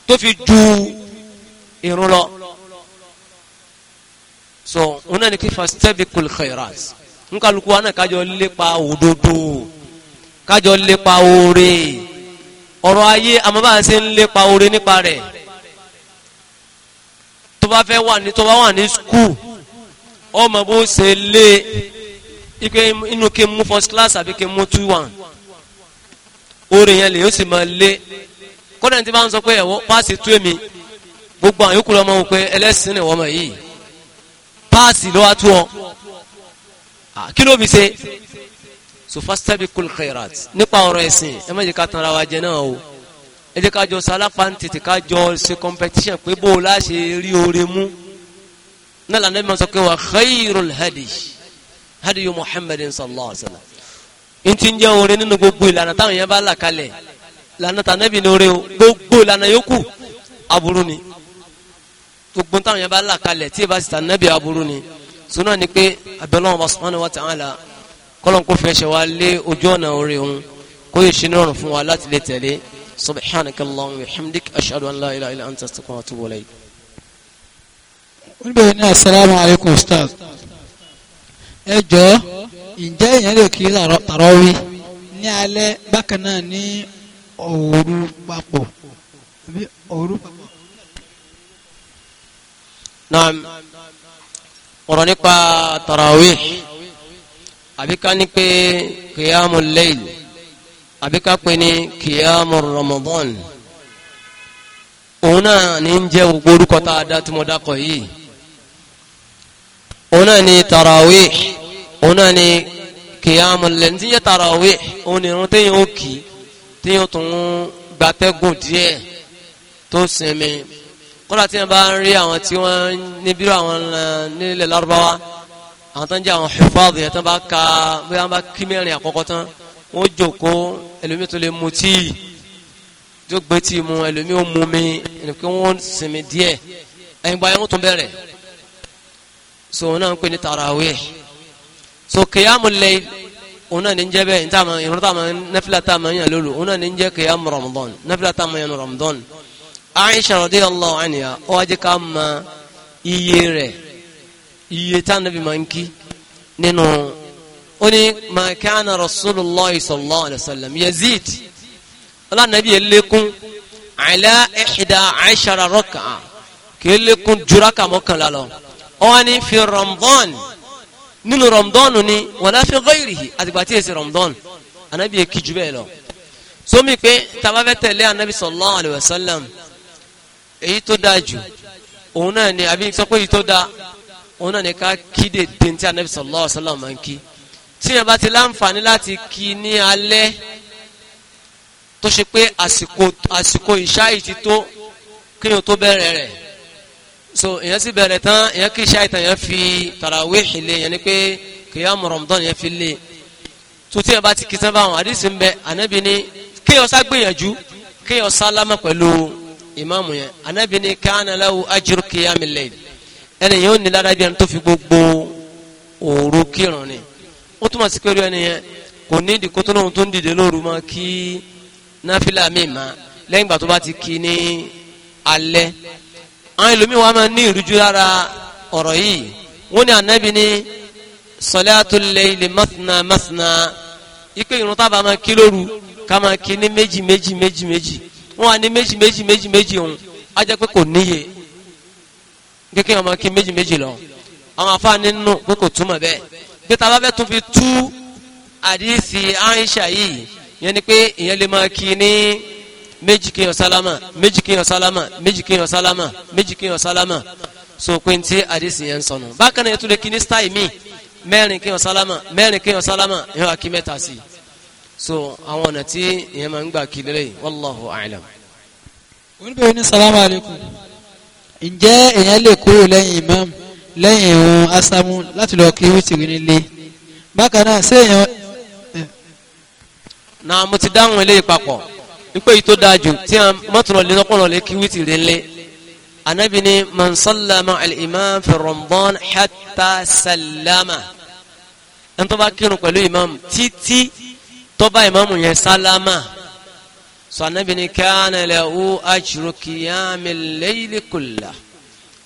tó fi ju irun lọ so wọn náà ní kí fastabikul khairat nkàlùkù wa náà kájọ lépa òdodo kájọ lépa oore ọ̀rọ̀ ayé àmọ́ bá a ṣe ń lépa oore nípa rẹ̀ tó bá fẹ́ wà ní tó bá wà ní skul ọmọ bó ṣe lé ike inú kí n mú first class àbí kí n mú two one oore yẹn lè yóò sì máa lé kódà ní ti bá ń sọ pé ẹ̀wọ́ páàsì tú èmi gbogbo àwọn yòókù wọn pé ẹlẹ́sìn ni wọ́n mọ̀ yìí páàsì ló wá tú ọ Ah, kí ló fi ṣe so fastabiqul khairat nípa ọ̀rọ̀ ẹ̀sìn ẹ má jẹ́ ká tanra wa jẹ náà o ẹ jẹ́ ká jọ sálápá ń tètè ká jọ ṣe competition pé bó o láṣẹ rí oore mú náà lànà ìmọ̀ sọ pé wà khairul hadi hadi muhammadin sallallahu alayhi wa sallam n ti ń jẹ́ oore nínú gbogbo ìlànà táwọn yẹn bá là kalẹ̀ lànà tànẹ́bì ní oore o gbogbo ìlànà yòókù aburú ni gbogbo táwọn yẹn bá là kalẹ̀ tí ì bá sì tànẹ́bì aburú ni sùnà ni pé abẹ́lọ́wọ́n bá subhanahu wa ta'ala kọ́lọ́n kó fẹ́ ṣe wá lé ojú ọ̀nà orí òun kó yẹ ṣe nírọ̀rùn fún wa láti lè tẹ̀lé subhanaka allahumma wa hamdik ashhadu an la ilaha illa anta astaghfiruka wa atubu ilayk. olùbẹ̀rẹ̀ ní asalaamu alaykum ustaz ẹ jọ ǹjẹ́ èèyàn lè kí tàrọ́wí ní alẹ́ bákan náà ní òru papọ̀ òru papọ̀. naam ọ̀rọ̀ nípa tarawih àbíká ní pé kìyàmù layl àbíká pé ní kìyàmù ramadan òun náà ní ń jẹ́ gbogbo orúkọ tá a dá tí mo dákọ̀ yìí òun náà ni tarawih òun náà ni kìyàmù layl tí ń jẹ́ tarawih òun ni irun téèyàn ó kì í téèyàn tún gbatẹ́gùn díẹ̀ tó sinmi kọ́lá tí wọ́n bá ń rí àwọn tí wọ́n ní bírò àwọn nílẹ̀ lárúbáwá àwọn tó ń jẹ́ àwọn hifadhi yẹn tó bá ka bí wọ́n bá kí mẹ́rin àkọ́kọ́ tán wọ́n jókòó ẹlòmíì tó lè mu tíì tó gbé tíì mu ẹlòmíì ó mu mi kí wọ́n sinmi díẹ̀ ẹ̀yìn gba ẹ̀wọ̀n tó bẹ̀rẹ̀ so wọn náà ń pè ní tarawih so kìyàmù lẹ́yìn wọn náà ní ń jẹ́ bẹ́ẹ̀ ní táwọn ìrún táwọn náfìlà táwọn yàn lólu wọn náà ní ń jẹ́ kìyàmù Ramadan náfìlà táwọn yàn Ramadan. Aisha radiyallahu anha ó wá jẹ́ ká mọ iye rẹ̀ iye tá nàbí máa ń kí nínú ó ní ma kana rasulullah sallallahu alayhi wa sallam yazid ọlànàbí yẹn lékún ala ihda ashara rak'a kì í lékún juraka mọ́kànlá lọ ó wá ní fi Ramadan nínú Ramadan ni wala fi ghayrihi àtìgbà tí èsì Ramadan ànàbí kí jù lọ sómi pé tàbá fẹ́ tẹ̀lé ànàbí sallallahu èyí tó dáa jù òun náà ni àbí sọ pé èyí tó dáa òun náà ni ká kíde dèntí anabi sallallahu alaihi wasallam máa ń kí tí yẹn bá ti láǹfààní láti kí ní alẹ́ tó ṣe pé àsìkò àsìkò ìṣáì ti tó kéèyàn tó bẹ̀rẹ̀ rẹ̀ so èyàn sì bẹ̀rẹ̀ tán èyàn kí ìṣáì tán èyàn fi tàràwíhì lé èyàn ni pé kìyàmù Ramadan èyàn fi lé tó tí yẹn bá ti kí tán báwọn àdìsí ń bẹ ànábì ni kéèyàn sá gbìyànjú kéèyàn sálámà pẹ̀lú ìmáàmù yẹn anabi ni kana lahu ajru qiyamil layl ẹni yóò ní ládàbí ẹni tó fi gbogbo òru kírun ni ó túmọ̀ sí pẹ̀lú ẹni yẹn kò ní ìdí kótó lóhun tó ń dìde lóru mọ́ kí náfìlà mi mà lẹ́yìn ìgbà tó bá ti kí ní alẹ́ àwọn ìlúmi wa máa ní ìrújú lára ọ̀rọ̀ yìí wọ́n ní anabi ni salatul layli mathna mathna ipe ìrun tábà máa kí lóru ká máa kí ní méjì méjì méjì méjì. méjì wọn á ní méjì méjì méjì méjì òun á jẹ́ pé kò níye kékeré ọmọ kí méjì méjì lọ àwọn afáàní nù pé kò túmọ̀ bẹ́ẹ̀ bí ta bá fẹ́ tún fi tú àdìsí Aisha yìí yẹn ni pé ìyẹn lè máa kí ní méjì kí yan sálámà méjì kí yan sálámà méjì kí yan sálámà méjì kí yan sálámà so pé n ti àdìsí yẹn sọnù bákan náà yẹn tún lè kí ní stáì míì mẹ́rin kí yan sálámà mẹ́rin kí yan sálámà yẹn wà kí mẹ́ta sí i so àwọn ọ̀nà tí ìyẹn máa ń gbà kí lélẹ̀ wallahu a'lam. oníbẹ̀rẹ̀ ní salamu alaykum ǹjẹ́ èèyàn lè kúrò lẹ́yìn imam lẹ́yìn ìrun asamu láti lọ kí wítìrì nílé bákan náà ṣé èèyàn. na mo ti dáhùn eléyìí papọ̀ wípé yìí tó dáa jù tí a mọ́tòrọ̀ lé lọ́kùnrin lè kí wítìrì nílé anabi ni man sallama al-imam fi ẹni tó bá kírun pẹ̀lú imam títí tọ́ba ìmáàmù yẹn sálámà sọ anábì ní káàna lahu ajru qiyamil layli kulla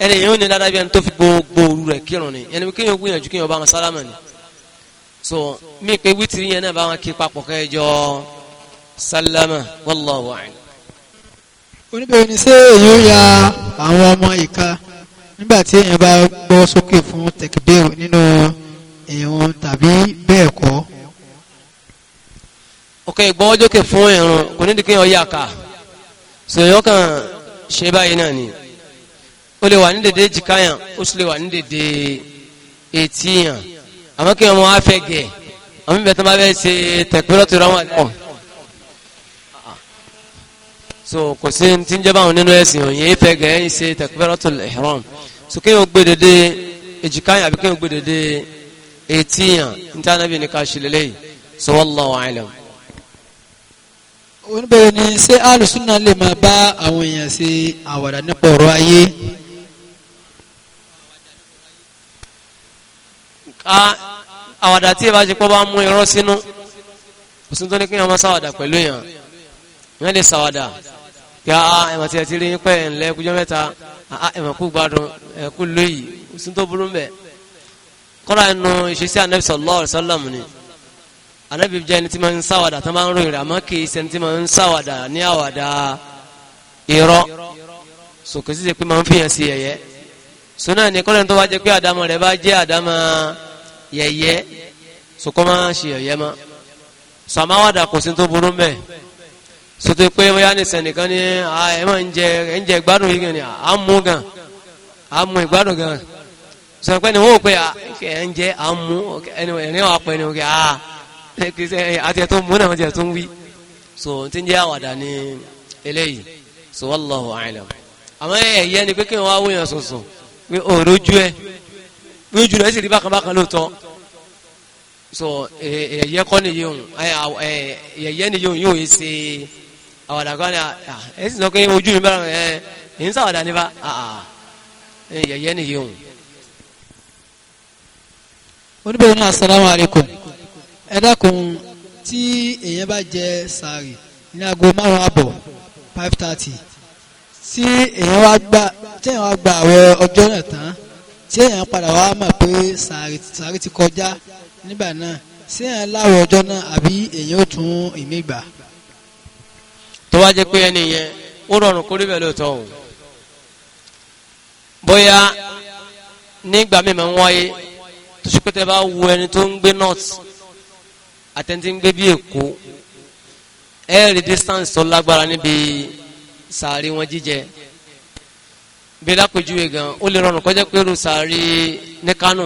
ẹni yẹn ó ní dáadáa bí ẹni tó fi gbogbo òru rẹ̀ kírun ni ẹni kéèyàn gbìyànjú kéèyàn bá wọn sálámà ni so mí pé wítìrì yẹn náà bá wọn kí papọ̀ kẹjọ sálámà wallahu a'lam oníbẹ̀rẹ̀ ni ṣé èyí ó ya àwọn ọmọ ìka nígbà tí èèyàn bá gbọ́ sókè fún tẹ̀kídéò nínú èèyàn tàbí bẹ́ẹ̀ kọ́ ọkọ̀ ìgbọ́wọ́jókè fún ìrun kò ní dìkẹ́ ọyá ká sèyàn kan ṣe báyìí náà ni ó lè wà ní dèdè jìkáyàn ó sì lè wà ní dèdè etí àmọ́ kí ọmọ afẹ́ gẹ̀ àwọn ìbẹ̀tàn bá fẹ́ ṣe tẹ̀pẹ́rọ́tì ráwọn àdéhùn so kò sí tí ń jẹ́bà àwọn nínú ẹ̀sìn òyìn ìfẹ́ gẹ̀ ń ṣe tẹ̀pẹ́rọ́tì ihram so kí wọ́n gbé dèdè èjìkáyàn àbí kí wọ́n gbé dèdè etí ní tí a nábì ní ká ṣe lélẹ́yìí so wallahu a'lam oníbẹ̀rẹ̀ ni ṣé alùsùnà lè máa bá àwọn èèyàn ṣe àwàdà nípa ọ̀rọ̀ ayé. àwàdà tí ìbá ṣe pọ́ bá mú irọ́ sínú kò sí tó ní kí wọ́n máa ṣàwàdà pẹ̀lú èèyàn wọ́n lè ṣàwàdà kí a ah, ah, ẹ̀mọ̀ tí ẹ ti rí pẹ́ ńlẹ́ kújọ́ mẹ́ta ah, ẹ̀mọ̀ kú gbádùn ẹ̀kú lóyìí kò tó burú mbẹ̀ kọ́ra ẹnu ìṣesí Ànábì sallallahu ni anabi jẹ́ ẹni tí máa ń sáwàdà tó máa ń ròyìn rẹ̀ àmọ́ kì í ṣe ẹni tí máa ń sáwàdà ní àwàdà irọ́ sòkè sí ṣe pé máa ń fihàn sí yẹ̀yẹ́ so náà ni kọ́lẹ́ni tó bá jẹ́ pé àdámọ̀ rẹ̀ bá jẹ́ àdámọ̀ yẹ̀yẹ́ sòkò máa ṣe yẹ̀yẹ́ mọ́ sàmáwàdà kò sí tó burú mẹ́ sòtò pé bóyá ní sẹ̀nìkan ní ẹ máa ń jẹ ẹ ń jẹ ìgbádùn yìí gan ni à ń mú gan à ń mú ìgbádùn gan sọ̀rọ̀ pé ni wọ́n ò pé ẹ ń jẹ à ń mú ẹni wà pẹ́ ni ó kẹ́ ah. Eh, àti ẹ̀tọ́ mú náà tó ń wí so tí ń jẹ́ àwàdà ní eléyìí so wallahu a'lam àmọ́ ẹ̀yẹ́ ni pé kí wọ́n wáwó yẹn sùnsùn pé òòrò ojú ẹ pé ojú rẹ̀ sì rí bákan lóòótọ́ so ẹ̀yẹ́ kọ́ ni yóò ẹ̀yẹ́ ni yóò yóò ṣe àwàdà kan ní ẹ sì sọ pé ojú mi bára ẹ ẹ ń sàwàdà ní bá ẹ̀yẹ́ ni yóò. oníbẹ̀rẹ̀ náà assalamu ẹ dákun tí èèyàn bá jẹ sàárì ní aago márùn àbọ̀ five thirty tí èèyàn wá gba tí èèyàn wá gba àwẹ̀ ọjọ́ náà tán tí èèyàn padà wá mọ̀ pé sàárì ti kọjá nígbà náà tí èèyàn láwẹ̀ ọjọ́ náà àbí èèyàn ò tún ìmí gbà. tó wá jẹ́ pé ẹni yẹn ó rọrùn kó bẹ́ẹ̀ lóòótọ́ o bóyá nígbà mímọ́ wáyé tó ṣe pé tẹ́ bá wo ẹni tó ń gbé nọ́ọ̀tì àtẹ̀ntì ń gbé bí èkó ẹ̀rì distance tó lágbára níbi sàárì wọn jíjẹ bí lápèjúwe gan ó lè rọrùn kọjá pé ru sàárì ní Kánò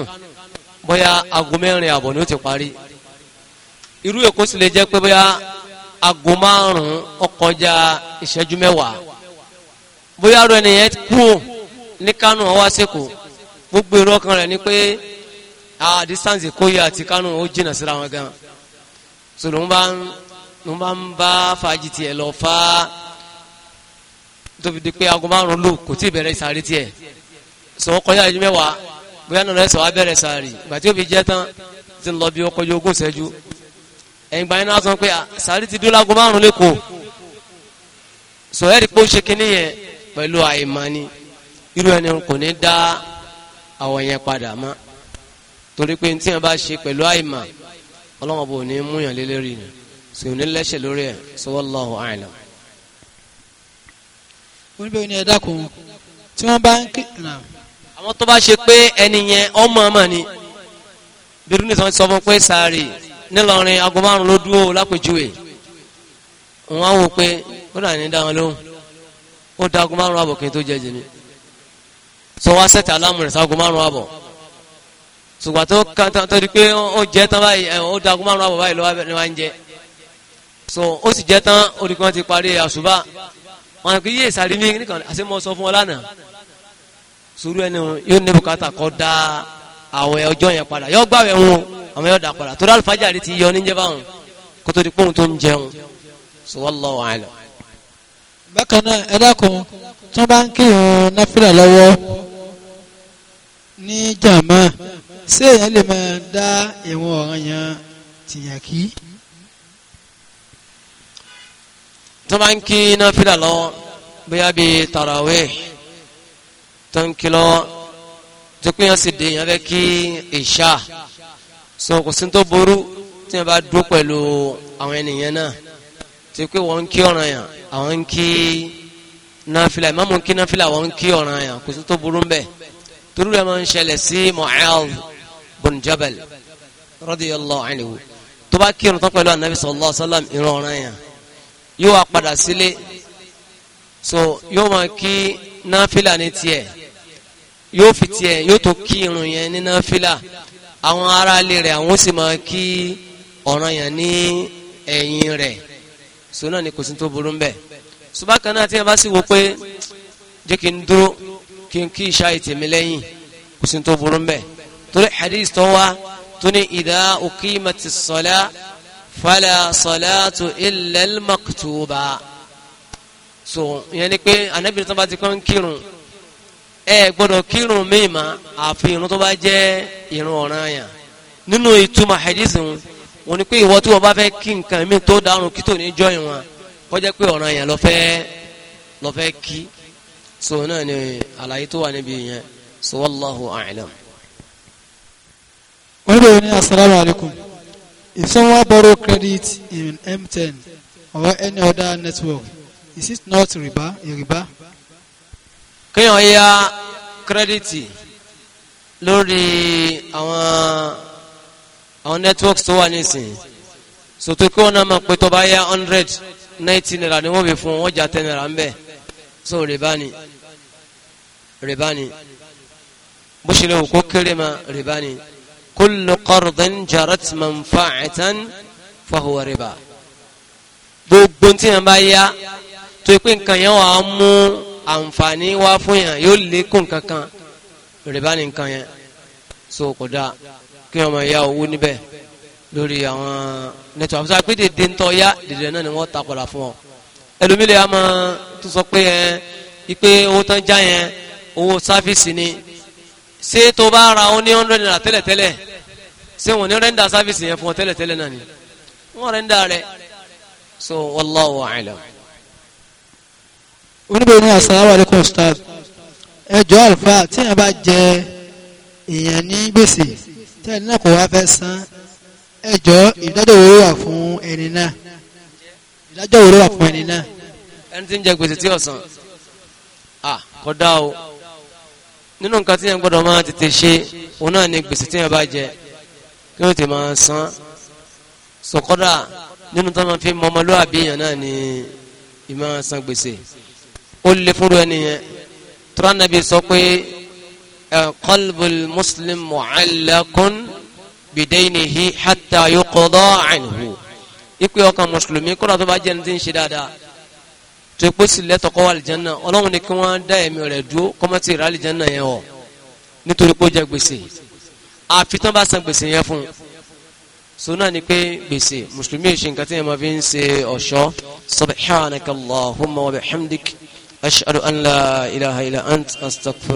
bóyá aago mẹ́rin àbọ̀ ni ó ti parí irú èkó sì lè jẹ́ pé bóyá aago márùn-ún ó ìṣẹ́jú mẹ́wàá bóyá rẹ nìyẹn kú ní Kánò ó wá gbogbo èrò rẹ̀ ni pé distance Èkó yìí àti Kánò ó jìnnà síra wọn gan so ló ń bá ló ń bá ń bá fàájì tiẹ̀ lọ fà tóbi di pé aago márùn lò kò tí ì bẹ̀rẹ̀ sáré tiẹ̀ sọ kọjá ìdí mẹ́wàá bóyá nàá ẹ̀sọ́ wa bẹ̀rẹ̀ sáré ìgbà tí ó fi jẹ́ tán ti ń lọ bí ọkọ̀ yóò gùn sẹ́jú ẹ̀yìn gbà yín náà sọ pé sáré ti dúró láago márùn lẹ́kọ̀ọ́ sọ ẹ̀rí pé ó ṣe kinní yẹn pẹ̀lú àìmọ́ni irú ẹni kò ní dá àwọn yẹn padà mọ́ torí pé tí ọlọ́wọ́n bò ní múyàn lé lérí ni sèwọ́n ní lẹ́sẹ̀ lórí ẹ̀ sọ́wọ́láhùn àìlẹ̀. wọ́n bẹ̀rù ní ẹ̀dá kan tí wọ́n bá ń kí. àwọn tó bá ṣe pé ẹni yẹn ọmọ ọmọ ni bẹ́ẹ̀ ní sọ fún pé sáré nílọrin aago márùn ló dúró lápèjúwe wọn wò pé ó dà ní dáhùn lóhùn ó dá aago márùn àbọ̀ kí n tó jẹ jẹ sọ wá sẹ́tà alámùrẹ̀ sí márùn àbọ̀ ṣùgbọ́n tó ká tó di pé ó jẹ́ tán báyìí ó eh, dagun márùn-ún àbọ̀ báyìí lọ́wọ́ ni wọ́n ń jẹ so ó sì jẹ́ tán ó di pé wọ́n ti parí àṣùbà wọn kì í yé ìsàrí mi nìkan àti mọ́ sọ fún wọn lánàá sùúrù ẹni yóò ní bùkátà kọ́ da àwọn ọjọ́ yẹn padà yóò gbàwẹ̀ wọn àwọn yóò dà padà tó dálùfà jáde ti yọ níjẹ́ báwọn kó tó di pé tó ń jẹun so wallahu a'lam. bákan náà ẹ dákun tí wọ́n bá ń kírun náfìlà lọ́wọ́ ní jàmáà ṣé èèyàn lè máa dá ìwọ̀n ọ̀ràn yẹn tìyàn kí. tó bá ń kí iná fílà lọ bóyá bíi tarawih tó ń kí lọ tó pé yẹn sì dé yẹn fẹ́ kí ìṣá sọ kò sí tó burú tí yẹn bá dúró pẹ̀lú àwọn ènìyàn náà tí pé wọ́n ń kí ọ̀ràn yẹn àwọn ń kí náfìlà ìmáàmù ń kí náfìlà wọ́n ń kí ọ̀ràn yẹn kò sí tó burú ń bẹ̀ torí rẹ̀ máa ń ṣẹlẹ̀ sí Mu'adh bun jabal radiyallahu anhu tó bá kírun tán pẹ̀lú anabi sallallahu alayhi wa sallam ìran ọ̀ràn yẹn yóò wá padà sílé so yóò máa kí náfìlà ní tiẹ̀ yóò fi tiẹ̀ yóò tó kí irun yẹn ní náfìlà àwọn ará ilé rẹ̀ àwọn sì máa kí ọ̀ràn yẹn ní ẹ̀yìn so náà ni kò sí tó burú ń bẹ̀ so bákan náà wo pé jẹ́ kí n dúró kí n kí ìṣá ìtẹ̀mí lẹ́yìn kò sí tó burú torí hadith tó wá إذا أقيمت الصلاة فلا صلاة إلا المكتوبة. so ìyẹn ni pé anábìrin tó bá ti kàn kírun ẹ gbọ́dọ̀ kírun míì mà àfi irun tó bá jẹ́ irun ọ̀ranyàn nínú ìtumọ̀ hadith wọn wọn ni pé ìwọ tí wọn bá fẹ́ kí nǹkan mi tó dárun kí tò ní jọ ìwọn kọjá pé ọ̀ràn yẹn lọ fẹ́ lọ fẹ́ kí so náà ni àlàyé tó wà níbi yẹn so wallahu a'lam wọ́n lè ní asalaamu alaykum if someone borrow credit in M10 or any other network is it not riba riba. kéèyàn ya kírẹ́dìtì lórí àwọn àwọn networks tó wà nísìnyí sòtò kí wọn náà máa pe tó bá hundred ninety naira ni wọn fi fún wọn jà ten naira ńbẹ so rìbá ni rìbá ni bó ṣe lè wò kó kéré ma rìbá ni. كل قرض جرت منفعة فهو ربا. gbogbo tí yẹn bá yá tó pé nǹkan yẹn wà á mú àǹfààní wá fún yẹn yóò lékún kankan rìbá ní nǹkan yẹn so kò dáa kí wọn máa ya owó níbẹ̀ lórí àwọn nẹtọ àbúrò àpé ńtọ ya dèdè náà ni wọn ta padà fún ọ ẹlòmílẹ̀ a máa sọ pé yẹn ipe owó tán já yẹn owó sáfíìsì ni Se tó bá ra ó ní hundred naira tẹ́lẹ̀tẹ́lẹ̀ ṣé wọ́n ní rẹ́ńdà sáfíìsì yẹn fún ọ tẹ́lẹ̀tẹ́lẹ̀ náà ni wọ́n rẹ́ńdà rẹ̀ so wallahu a'lam. oníbẹ̀rẹ̀ ní assalamu alaikum ustaz ẹjọ́ àlùfáà tí yẹn bá jẹ èèyàn ní gbèsè tí ẹni náà kò wá fẹ́ san ẹjọ́ ìdájọ́ wo wà fún ẹni náà ìdájọ́ wo wà fún ẹni náà. ẹni tí ń jẹ gbèsè tí ọ̀sán ah kódà o nínú nǹkan tí yẹn gbọ́dọ̀ máa tètè ṣe òun náà ni gbèsè tí yẹn bá jẹ kí ó ti máa san sọkọ́dà nínú tó máa fi mọmọlúwàbí yẹn náà ni ìmọ̀ san gbèsè ó lè fúnru ẹni yẹn turanabi sọ pé qalbul muslim mu'allaqun bidaynihi hatta yuqda anhu ipe ọkàn mùsùlùmí kódà tó bá jẹ́ ní ti ń ṣe dáadáa tó epo sì lẹ́tọ̀ kọ́ wà lìjánná ọlọ́run ni kí wọ́n dá ẹ̀mí rẹ̀ dúró kọ́mọ́tì rà lìjánná yẹn wọ̀ nítorí pé ó jẹ gbèsè àfi tán bá san gbèsè yẹn fún un so náà ni pé gbèsè mùsùlùmí èṣe nǹkan tí yẹn máa fi ń ṣe ọ̀ṣọ́ subhanakallahumma wa bihamdik ashhadu an la ilaha illa ant astaghfiruk.